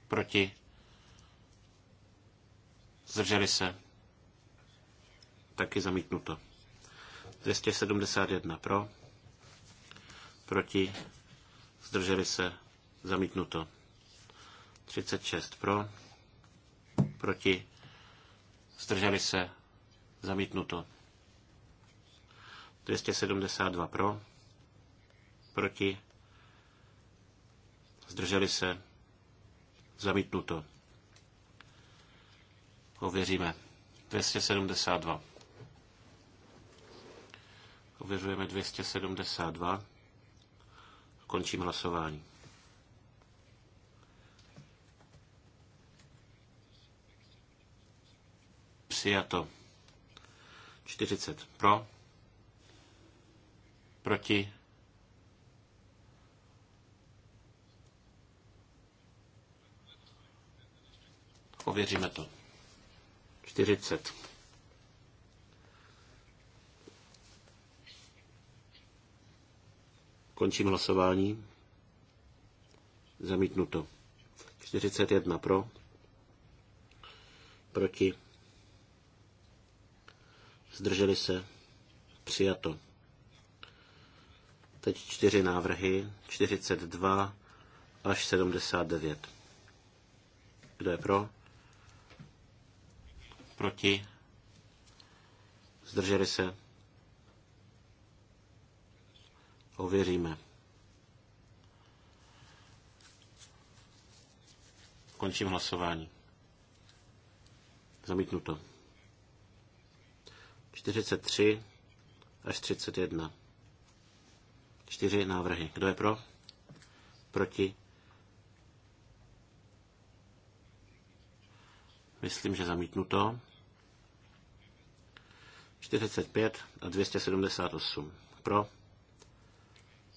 proti, zdrželi se, taky zamítnuto. 271 pro, proti, zdrželi se, zamítnuto. 36 pro, proti, zdrželi se, zamítnuto. 272 pro, proti, zdrželi se, zamítnuto. Ověříme. 272. Ověřujeme 272. Končím hlasování. Přijato. 40 pro. Proti. Ověříme to. 40. Končím hlasování. Zamítnuto. 41 pro. Proti zdrželi se, přijato. Teď čtyři návrhy, 42 až 79. Kdo je pro? Proti? Zdrželi se? Ověříme. Končím hlasování. Zamítnuto. 43 až 31. Čtyři návrhy. Kdo je pro? Proti? Myslím, že zamítnuto. 45 a 278. Pro?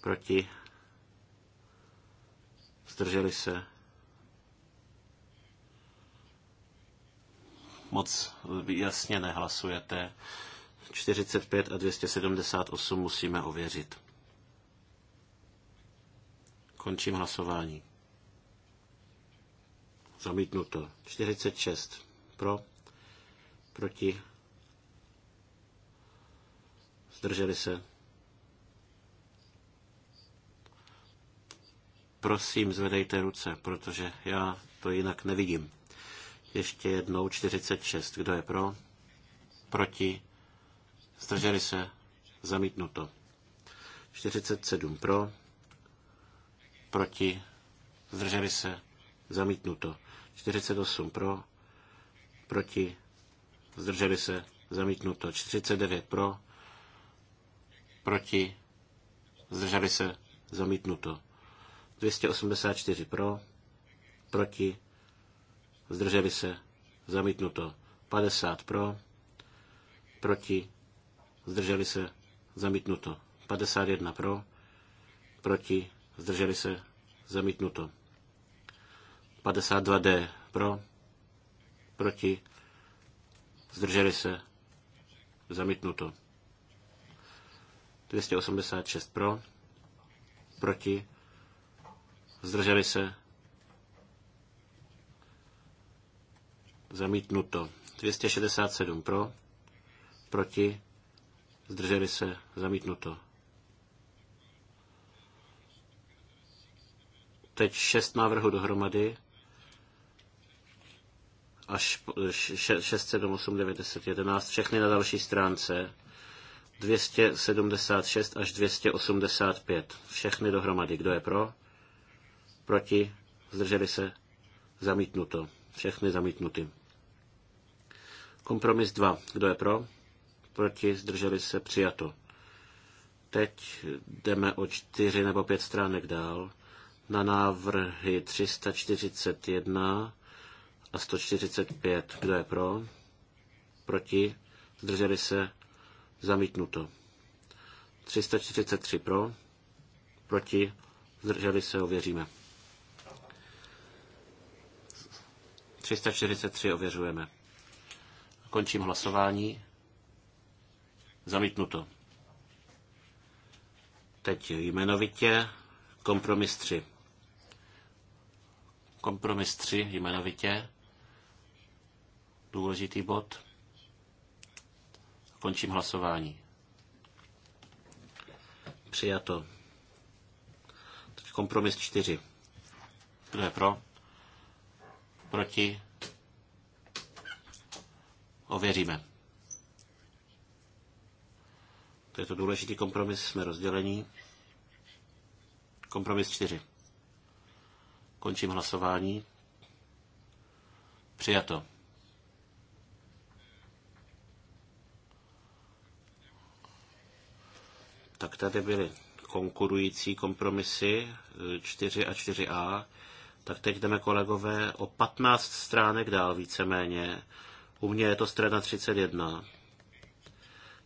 Proti? Zdrželi se? Moc jasně nehlasujete. 245 a 278 musíme ověřit. Končím hlasování. Zamítnuto. 46 pro, proti, zdrželi se. Prosím, zvedejte ruce, protože já to jinak nevidím. Ještě jednou 46. Kdo je pro? Proti? Zdrželi se? Zamítnuto. 47 pro. Proti? Zdrželi se? Zamítnuto. 48 pro. Proti? Zdrželi se? Zamítnuto. 49 pro. Proti? Zdrželi se? Zamítnuto. 284 pro. Proti? Zdrželi se? Zamítnuto. 50 pro. Proti? zdrželi se, zamítnuto. 51 pro, proti, zdrželi se, zamítnuto. 52D pro, proti, zdrželi se, zamítnuto. 286 pro, proti, zdrželi se, zamítnuto. 267 pro, proti, zdrželi se, zamítnuto. Teď šest návrhů dohromady, až 6, 7, 8, 9, 10, 11, všechny na další stránce, 276 až 285, všechny dohromady. Kdo je pro? Proti? Zdrželi se? Zamítnuto. Všechny zamítnuty. Kompromis 2. Kdo je pro? proti, zdrželi se, přijato. Teď jdeme o čtyři nebo pět stránek dál na návrhy 341 a 145. Kdo je pro? Proti? Zdrželi se? Zamítnuto. 343 pro? Proti? Zdrželi se? Ověříme. 343 ověřujeme. Končím hlasování. Zamítnuto. Teď jmenovitě kompromis 3. Kompromis 3 jmenovitě. Důležitý bod. Končím hlasování. Přijato. Teď kompromis 4. Kdo je pro? Proti? Ověříme. To je to důležitý kompromis, jsme rozdělení. Kompromis 4. Končím hlasování. Přijato. Tak tady byly konkurující kompromisy 4 eh, a 4a. Tak teď jdeme, kolegové, o 15 stránek dál víceméně. U mě je to strana 31.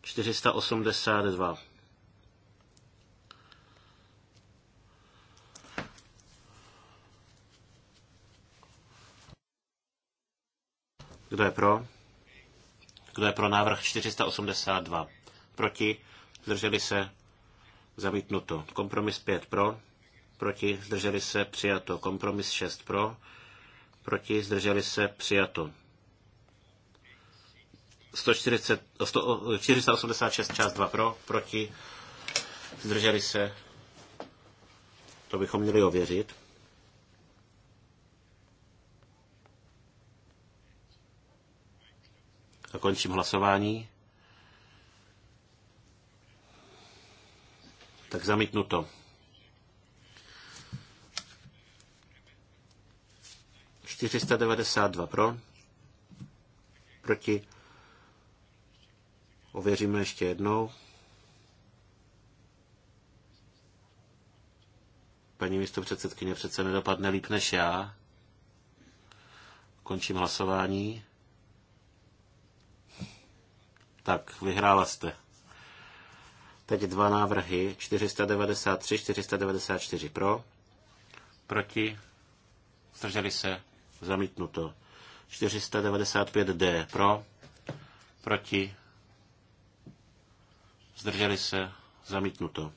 482. Kdo je pro? Kdo je pro návrh 482? Proti? Zdrželi se? Zamítnuto. Kompromis 5 pro. Proti? Zdrželi se? Přijato. Kompromis 6 pro. Proti? Zdrželi se? Přijato. 486 část 2 pro, proti, zdrželi se. To bychom měli ověřit. A končím hlasování. Tak zamítnu to. Čtyřista devadesát dva pro, proti Ověříme ještě jednou. Paní místo předsedkyně přece nedopadne líp než já. Končím hlasování. Tak, vyhrála jste. Teď dva návrhy, 493, 494 pro, proti, zdrželi se, zamítnuto. 495D pro, proti, zdrželi se, zamítnuto.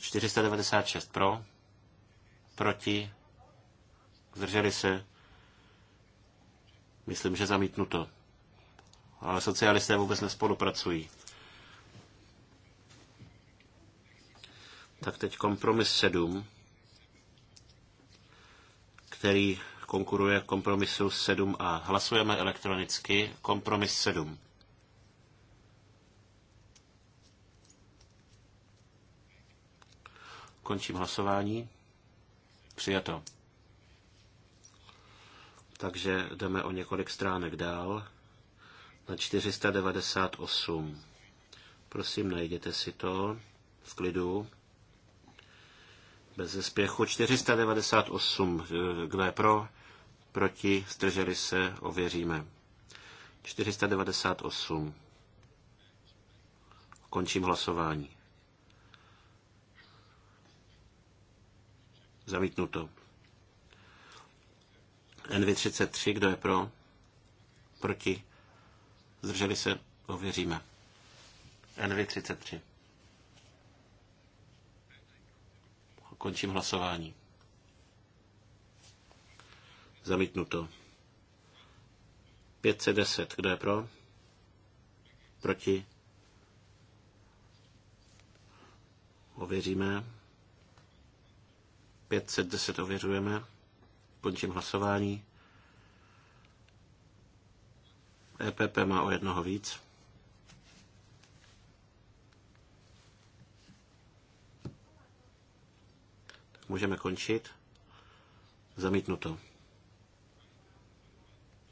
496 pro, proti, zdrželi se, myslím, že zamítnuto. Ale socialisté vůbec nespolupracují. Tak teď kompromis 7, který konkuruje kompromisu 7a. Hlasujeme elektronicky kompromis 7. Končím hlasování. Přijato. Takže jdeme o několik stránek dál. Na 498. Prosím, najděte si to v klidu. Bez zespěchu. 498. Kdo je pro? Proti? Strželi se? Ověříme. 498. Končím hlasování. Zamítnuto. NV33, kdo je pro? Proti? Zdrželi se? Ověříme. NV33. Končím hlasování. Zamítnuto. 510, kdo je pro? Proti? Ověříme. 510 ověřujeme. Končím hlasování. EPP má o jednoho víc. Tak můžeme končit. Zamítnuto.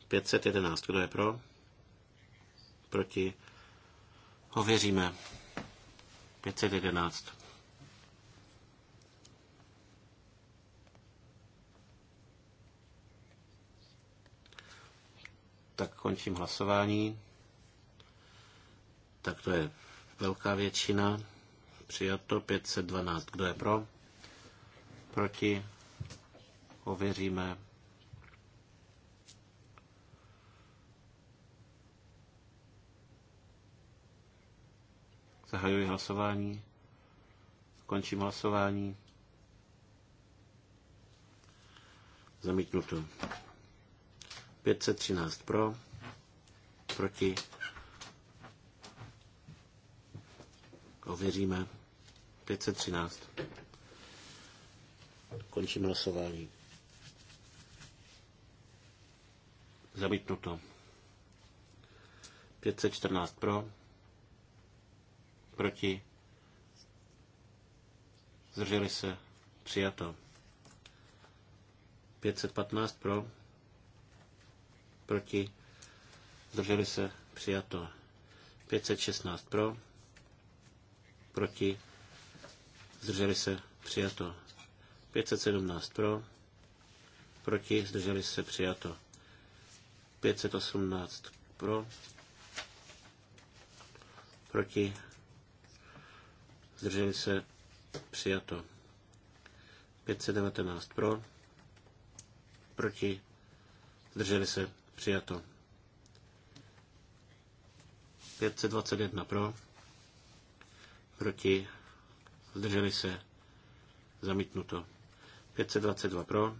511. Kdo je pro? Proti? Ověříme. 511. tak končím hlasování. Tak to je velká většina. Přijato 512. Kdo je pro? Proti? Ověříme. Zahajuji hlasování. Končím hlasování. Zamítnuto. 513 pro, proti, ověříme, 513. Končím hlasování. Zamítnuto. 514 pro, proti, zdrželi se, přijato. 515 pro, proti, zdrželi se, přijato. 516 pro, proti, zdrželi se, přijato. 517 pro, proti, zdrželi se, přijato. 518 pro, proti, zdrželi se, přijato. 519 pro, proti, zdrželi se, Přijato. 521 pro. Proti. Zdrželi se. Zamítnuto. 522 pro.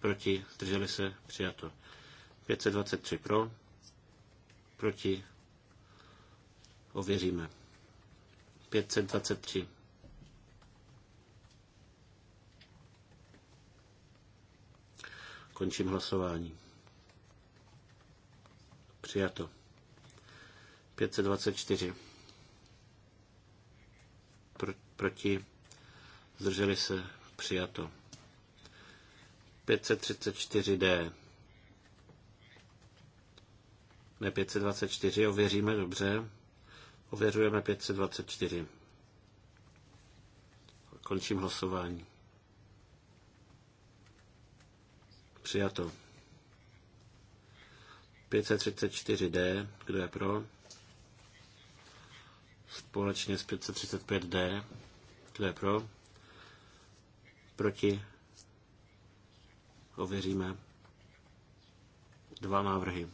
Proti. Zdrželi se. Přijato. 523 pro. Proti. Ověříme. 523. Končím hlasování. Přijato. 524. Pro, proti. Zdrželi se. Přijato. 534D. Ne 524, ověříme dobře. Ověřujeme 524. Končím hlasování. Přijato. 534D, kdo je pro? Společně s 535D, kdo je pro? Proti? Ověříme. Dva návrhy.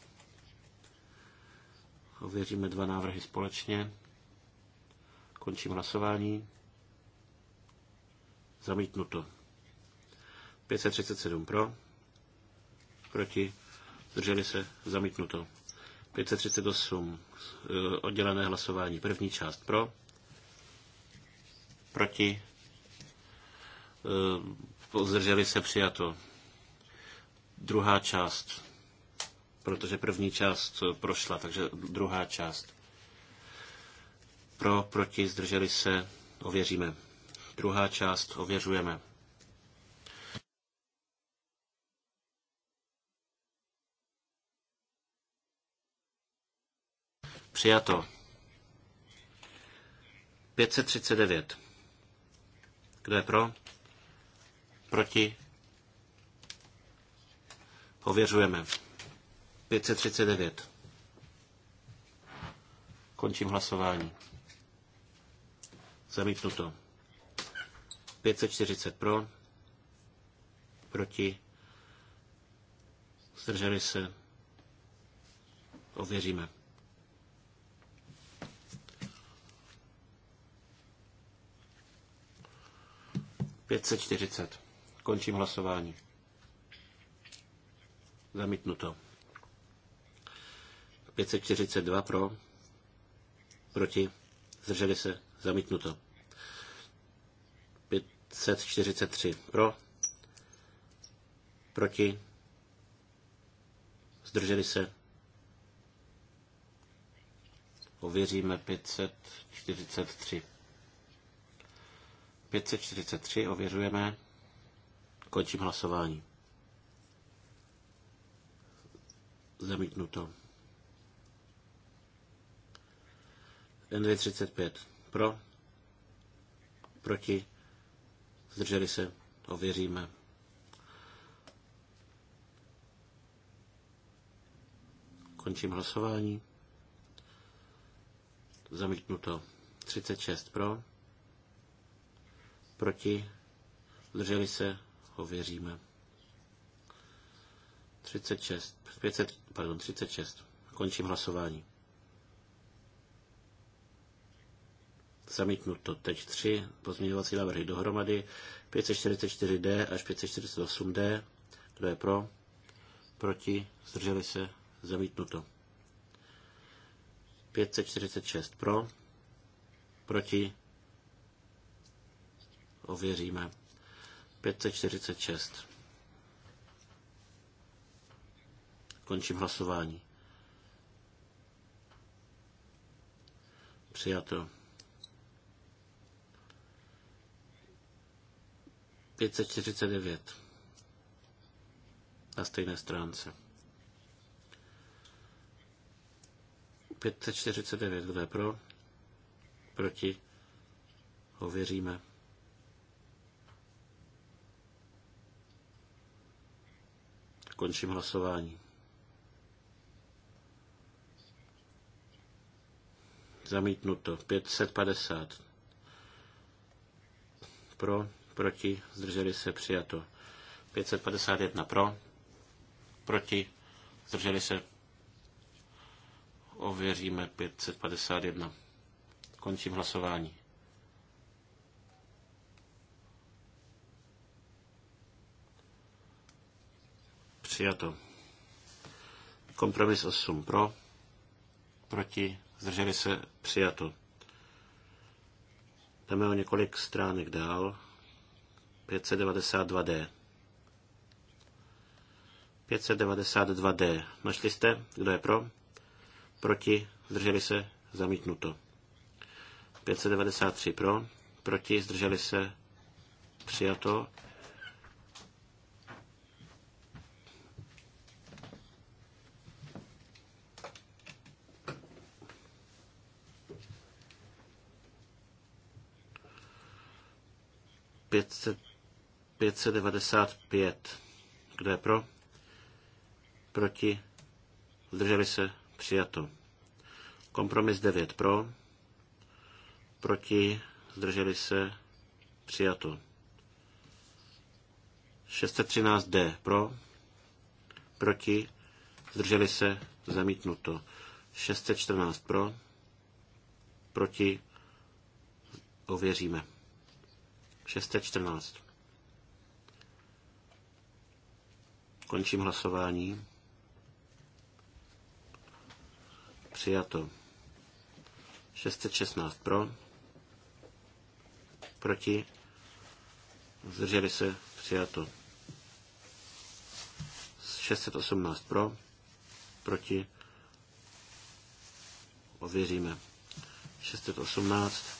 Ověříme dva návrhy společně. Končím hlasování. Zamítnuto. 537 pro. Proti zdrželi se, zamítnuto. 538, eh, oddělené hlasování, první část pro, proti, eh, zdrželi se, přijato. Druhá část, protože první část eh, prošla, takže druhá část. Pro, proti, zdrželi se, ověříme. Druhá část ověřujeme. Přijato. 539. Kdo je pro? Proti? Pověřujeme 539. Končím hlasování. Zamítnuto. 540 pro. Proti. Zdrželi se. Ověříme. 540. Končím hlasování. Zamítnuto. 542 pro, proti, zdrželi se, zamítnuto. 543 pro, proti, zdrželi se. Ověříme 543. 543 ověřujeme. Končím hlasování. Zamítnuto. N235 pro, proti, zdrželi se, ověříme. Končím hlasování. Zamítnuto. 36 pro, proti, zdrželi se, věříme. 36, 500, pardon, 36. Končím hlasování. Zamítnuto. Teď tři pozměňovací návrhy dohromady. 544D až 548D. Kdo je pro? Proti? Zdrželi se? Zamítnuto. 546 pro? Proti? ověříme. 546. Končím hlasování. Přijato. 549. Na stejné stránce. 549. Kdo je pro? Proti? Ověříme. Končím hlasování. Zamítnuto. 550. Pro, proti, zdrželi se, přijato. 551 pro, proti, zdrželi se. Ověříme 551. Končím hlasování. Přijato. Kompromis 8 pro. Proti. Zdrželi se. Přijato. Jdeme o několik stránek dál. 592D. 592D. Našli jste, kdo je pro? Proti. Zdrželi se. Zamítnuto. 593 pro. Proti. Zdrželi se. Přijato. 595. Kdo je pro? Proti? Zdrželi se? Přijato. Kompromis 9 pro. Proti? Zdrželi se? Přijato. 613D pro. Proti? Zdrželi se? Zamítnuto. 614 pro. Proti? Ověříme. 614. Končím hlasování. Přijato. 616 pro. Proti. Zdrželi se. Přijato. 618 pro. Proti. Ověříme. 618.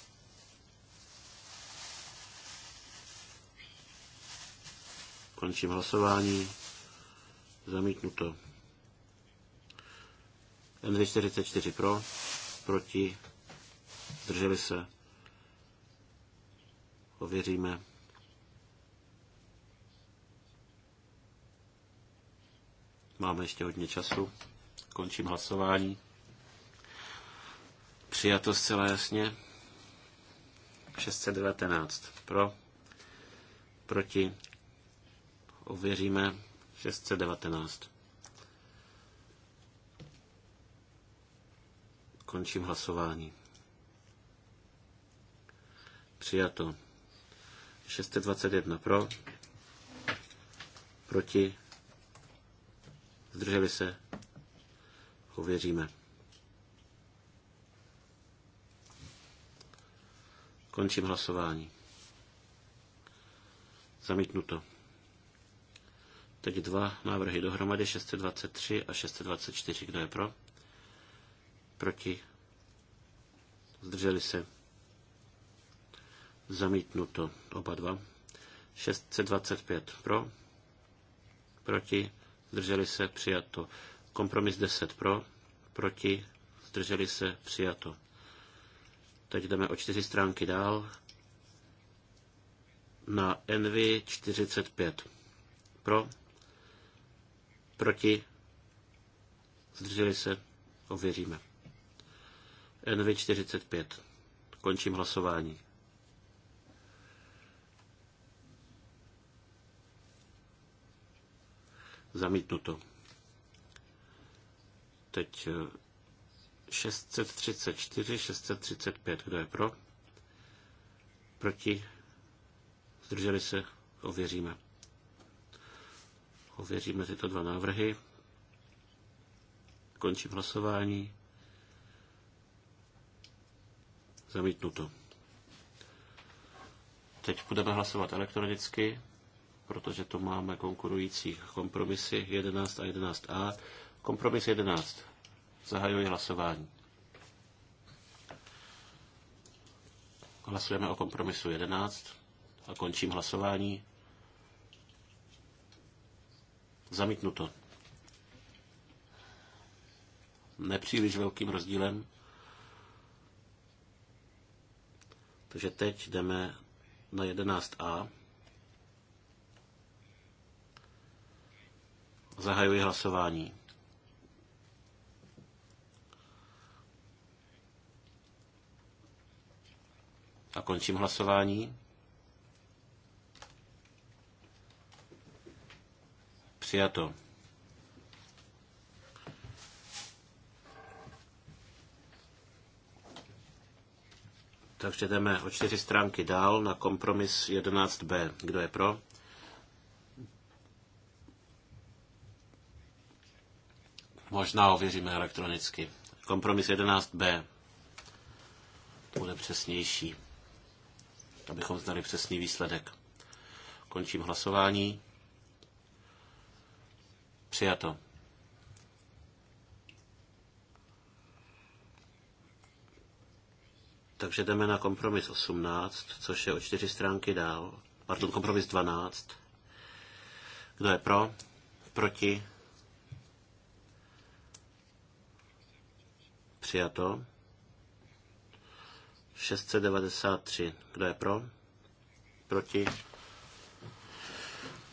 Končím hlasování. Zamítnuto. N244 pro, proti, zdrželi se. Ověříme. Máme ještě hodně času. Končím hlasování. Přijato zcela jasně. 619 pro, proti, Ověříme 619. Končím hlasování. Přijato. 621 pro. Proti. Zdrželi se. Ověříme. Končím hlasování. Zamítnuto. Teď dva návrhy dohromady, 623 a 624. Kdo je pro? Proti? Zdrželi se? Zamítnuto oba dva. 625 pro? Proti? Zdrželi se? Přijato. Kompromis 10 pro? Proti? Zdrželi se? Přijato. Teď jdeme o čtyři stránky dál na Envy 45. Pro, Proti? Zdrželi se? Ověříme. NV45. Končím hlasování. Zamítnuto. Teď 634, eh, 635. Kdo je pro? Proti? Zdrželi se? Ověříme. Ověříme tyto dva návrhy. Končím hlasování. Zamítnuto. Teď budeme hlasovat elektronicky, protože tu máme konkurující kompromisy 11 a 11a. Kompromis 11. Zahajuji hlasování. Hlasujeme o kompromisu 11 a končím hlasování. Zamítnuto. Nepříliš velkým rozdílem. Takže teď jdeme na 11a. Zahajuji hlasování. A končím hlasování. Přijato. Takže jdeme o čtyři stránky dál na kompromis 11b. Kdo je pro? Možná ověříme elektronicky. Kompromis 11b bude přesnější, abychom znali přesný výsledek. Končím hlasování. Přijato. Takže jdeme na kompromis 18, což je o čtyři stránky dál. Pardon, kompromis 12. Kdo je pro? Proti? Přijato. 693. Kdo je pro? Proti?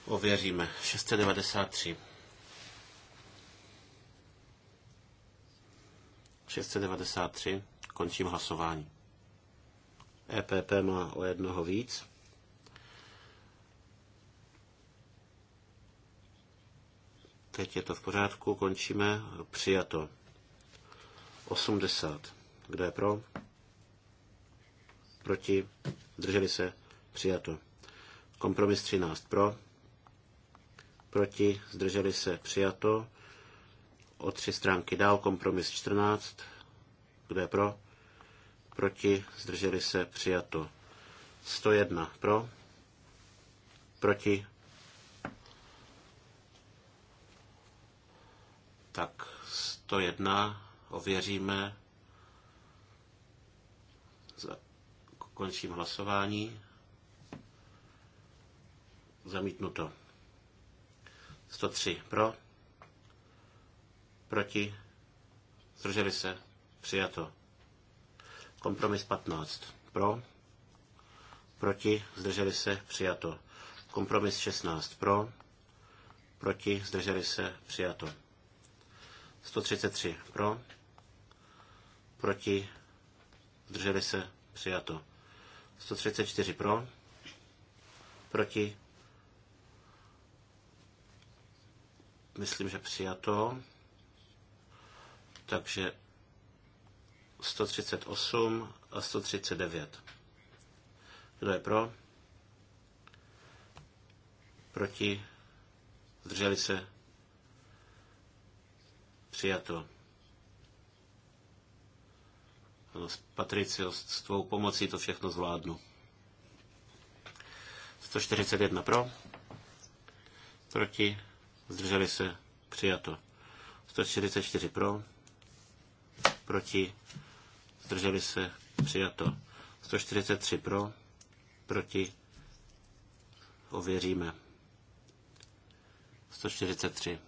Ověříme. 693. 693. Končím hlasování. EPP má o jednoho víc. Teď je to v pořádku, končíme. Přijato. 80. Kdo je pro? Proti? Drželi se? Přijato. Kompromis 13 pro. Proti? Zdrželi se? Přijato o tři stránky dál, kompromis 14, kdo je pro, proti, zdrželi se, přijato. 101 pro, proti, tak 101 ověříme, končím hlasování, zamítnuto. 103 pro, Proti? Zdrželi se? Přijato. Kompromis 15. Pro? Proti? Zdrželi se? Přijato. Kompromis 16. Pro? Proti? Zdrželi se? Přijato. 133. Pro? Proti? Zdrželi se? Přijato. 134 pro. Proti. Myslím, že přijato. Takže 138 a 139. Kdo je pro? Proti? Zdrželi se? Přijato. Ano, Patricio, s tvou pomocí to všechno zvládnu. 141 pro, proti, zdrželi se, přijato. 144 pro, proti, zdrželi se, přijato. 143 pro, proti, ověříme. 143.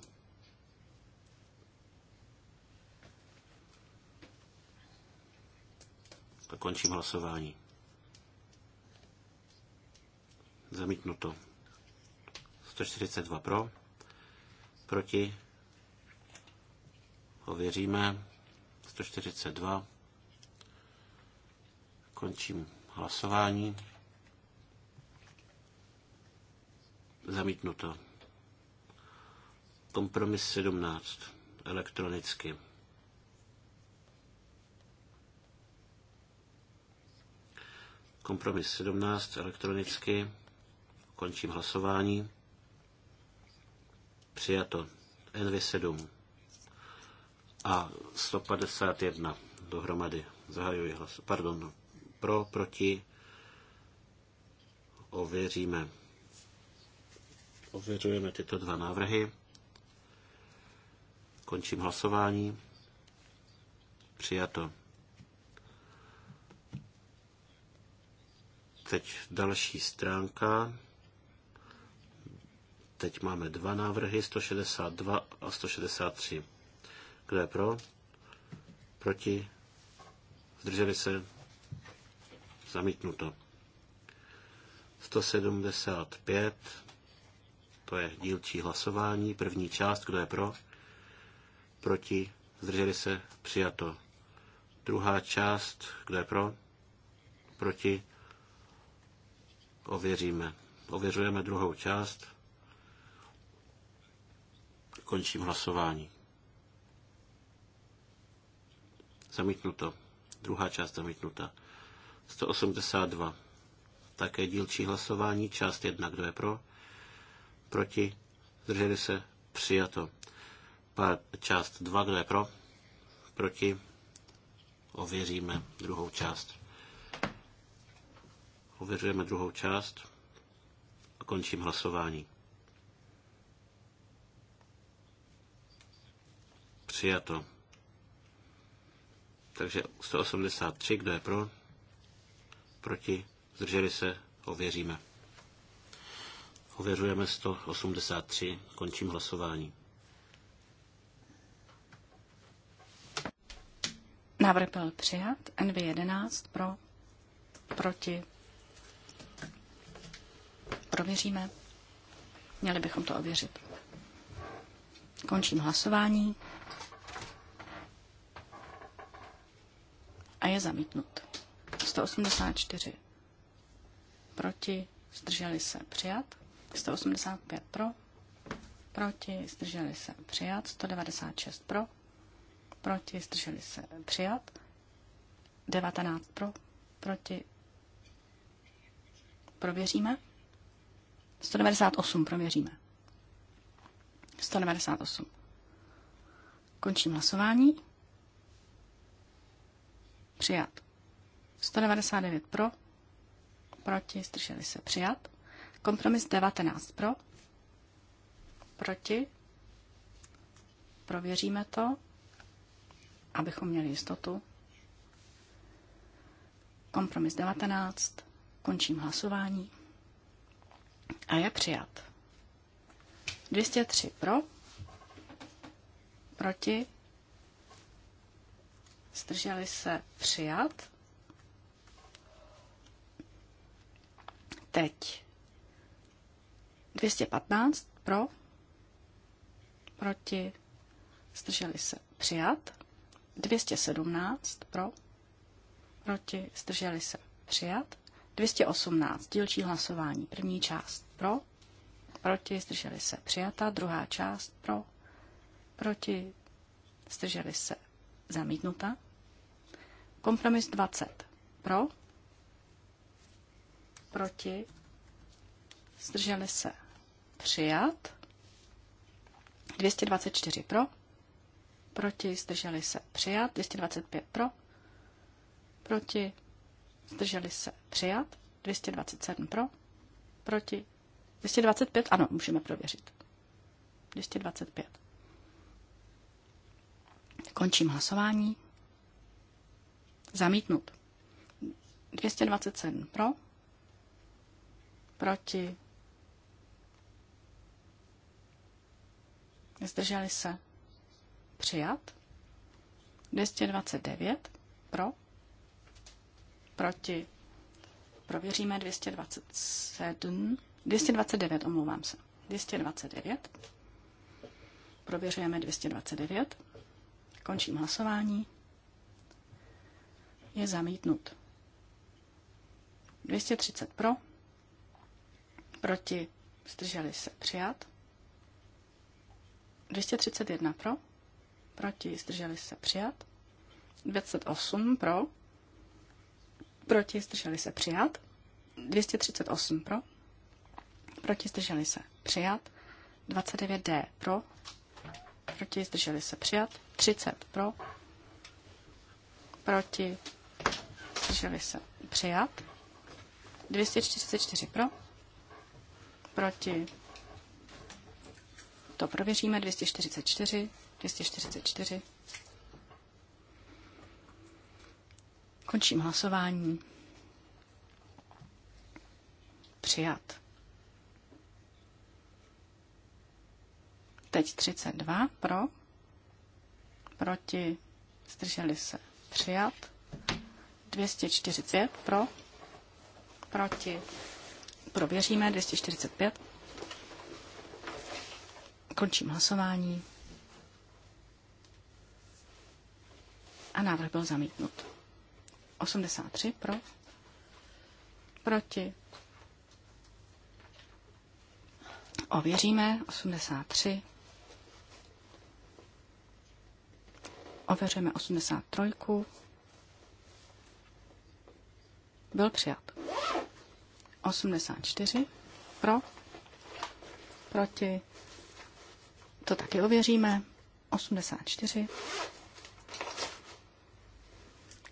A končím hlasování. Zamítnuto. 142 pro, proti, ověříme. 142. Končím hlasování. Zamítnuto. Kompromis 17. Elektronicky. Kompromis 17. Elektronicky. Končím hlasování. Přijato. NV7 a 151 dohromady. Zahajuji hlas. Pardon. Pro, proti. Ověříme. Ověřujeme tyto dva návrhy. Končím hlasování. Přijato. Teď další stránka. Teď máme dva návrhy, 162 a 163. Kdo je pro? Proti? Zdrželi se? Zamítnuto. 175. To je dílčí hlasování. První část. Kdo je pro? Proti? Zdrželi se? Přijato. Druhá část. Kdo je pro? Proti? Ověříme. Ověřujeme druhou část. Končím hlasování. Zamítnuto. Druhá část zamítnuta. 182. Také dílčí hlasování, část 1. Kdo je pro? Proti? Zdrželi se? Přijato. Pa, část 2. Kdo je pro? Proti? Ověříme druhou část. Ověřujeme druhou část a končím hlasování. Přijato. Takže 183, kdo je pro? Proti? Zdrželi se? Ověříme. Ověřujeme 183, končím hlasování. Návrh byl přijat. NV11 pro, proti. Prověříme. Měli bychom to ověřit. Končím hlasování. a je zamítnut. 184 proti, zdrželi se přijat. 185 pro, proti, zdrželi se přijat. 196 pro, proti, zdrželi se přijat. 19 pro, proti. Prověříme. 198 prověříme. 198. Končím hlasování. Přijat. 199 pro, proti, zdrželi se přijat. Kompromis 19 pro, proti, prověříme to, abychom měli jistotu. Kompromis 19, končím hlasování a je přijat. 203 pro, proti, Zdrželi se přijat. Teď 215 pro, proti, zdrželi se přijat. 217 pro, proti, zdrželi se přijat. 218 dílčí hlasování, první část pro, proti, zdrželi se přijata, druhá část pro, proti, zdrželi se zamítnuta. Kompromis 20. Pro? Proti? Zdrželi se? Přijat. 224 pro? Proti? Zdrželi se? Přijat. 225 pro? Proti? Zdrželi se? Přijat. 227 pro? Proti? 225? Ano, můžeme prověřit. 225. Končím hlasování. Zamítnut. 227 pro. Proti. Zdrželi se. Přijat. 229 pro. Proti. Prověříme 227. 229, omlouvám se. 229. Prověřujeme 229. Končím hlasování je zamítnut. 230 pro, proti, zdrželi se, přijat. 231 pro, proti, zdrželi se, přijat. 28 pro, proti, zdrželi se, přijat. 238 pro, proti, zdrželi se, přijat. 29D pro, proti, zdrželi se, přijat. 30 pro, proti, zdrželi se přijat. 244 pro, proti, to prověříme, 244, 244. Končím hlasování. Přijat. Teď 32 pro, proti, zdrželi se přijat. 240 pro, proti, prověříme 245. Končím hlasování. A návrh byl zamítnut. 83 pro, proti. Ověříme 83. Ověříme 83. Byl přijat. 84 pro, proti, to taky ověříme. 84.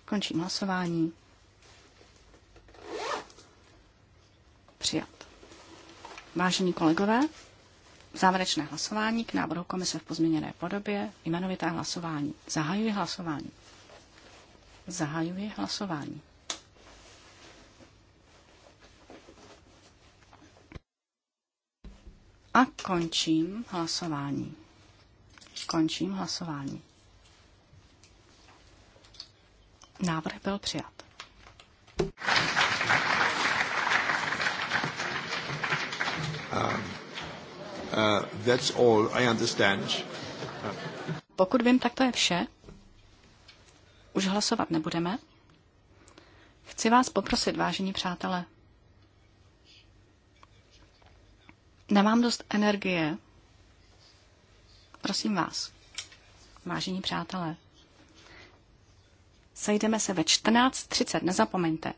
Končím hlasování. Přijat. Vážení kolegové, závěrečné hlasování k návrhu komise v pozměněné podobě, jmenovité hlasování. Zahajuji hlasování. Zahajuji hlasování. A končím hlasování. Končím hlasování. Návrh byl přijat. Uh, uh, that's all I understand. Pokud vím, tak to je vše. Už hlasovat nebudeme. Chci vás poprosit, vážení přátelé, Nemám dost energie. Prosím vás, vážení přátelé, sejdeme se ve 14.30, nezapomeňte.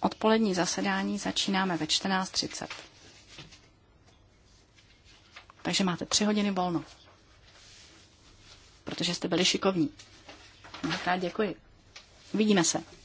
Odpolední zasedání začínáme ve 14.30. Takže máte tři hodiny volno. Protože jste byli šikovní. Tak děkuji. Vidíme se.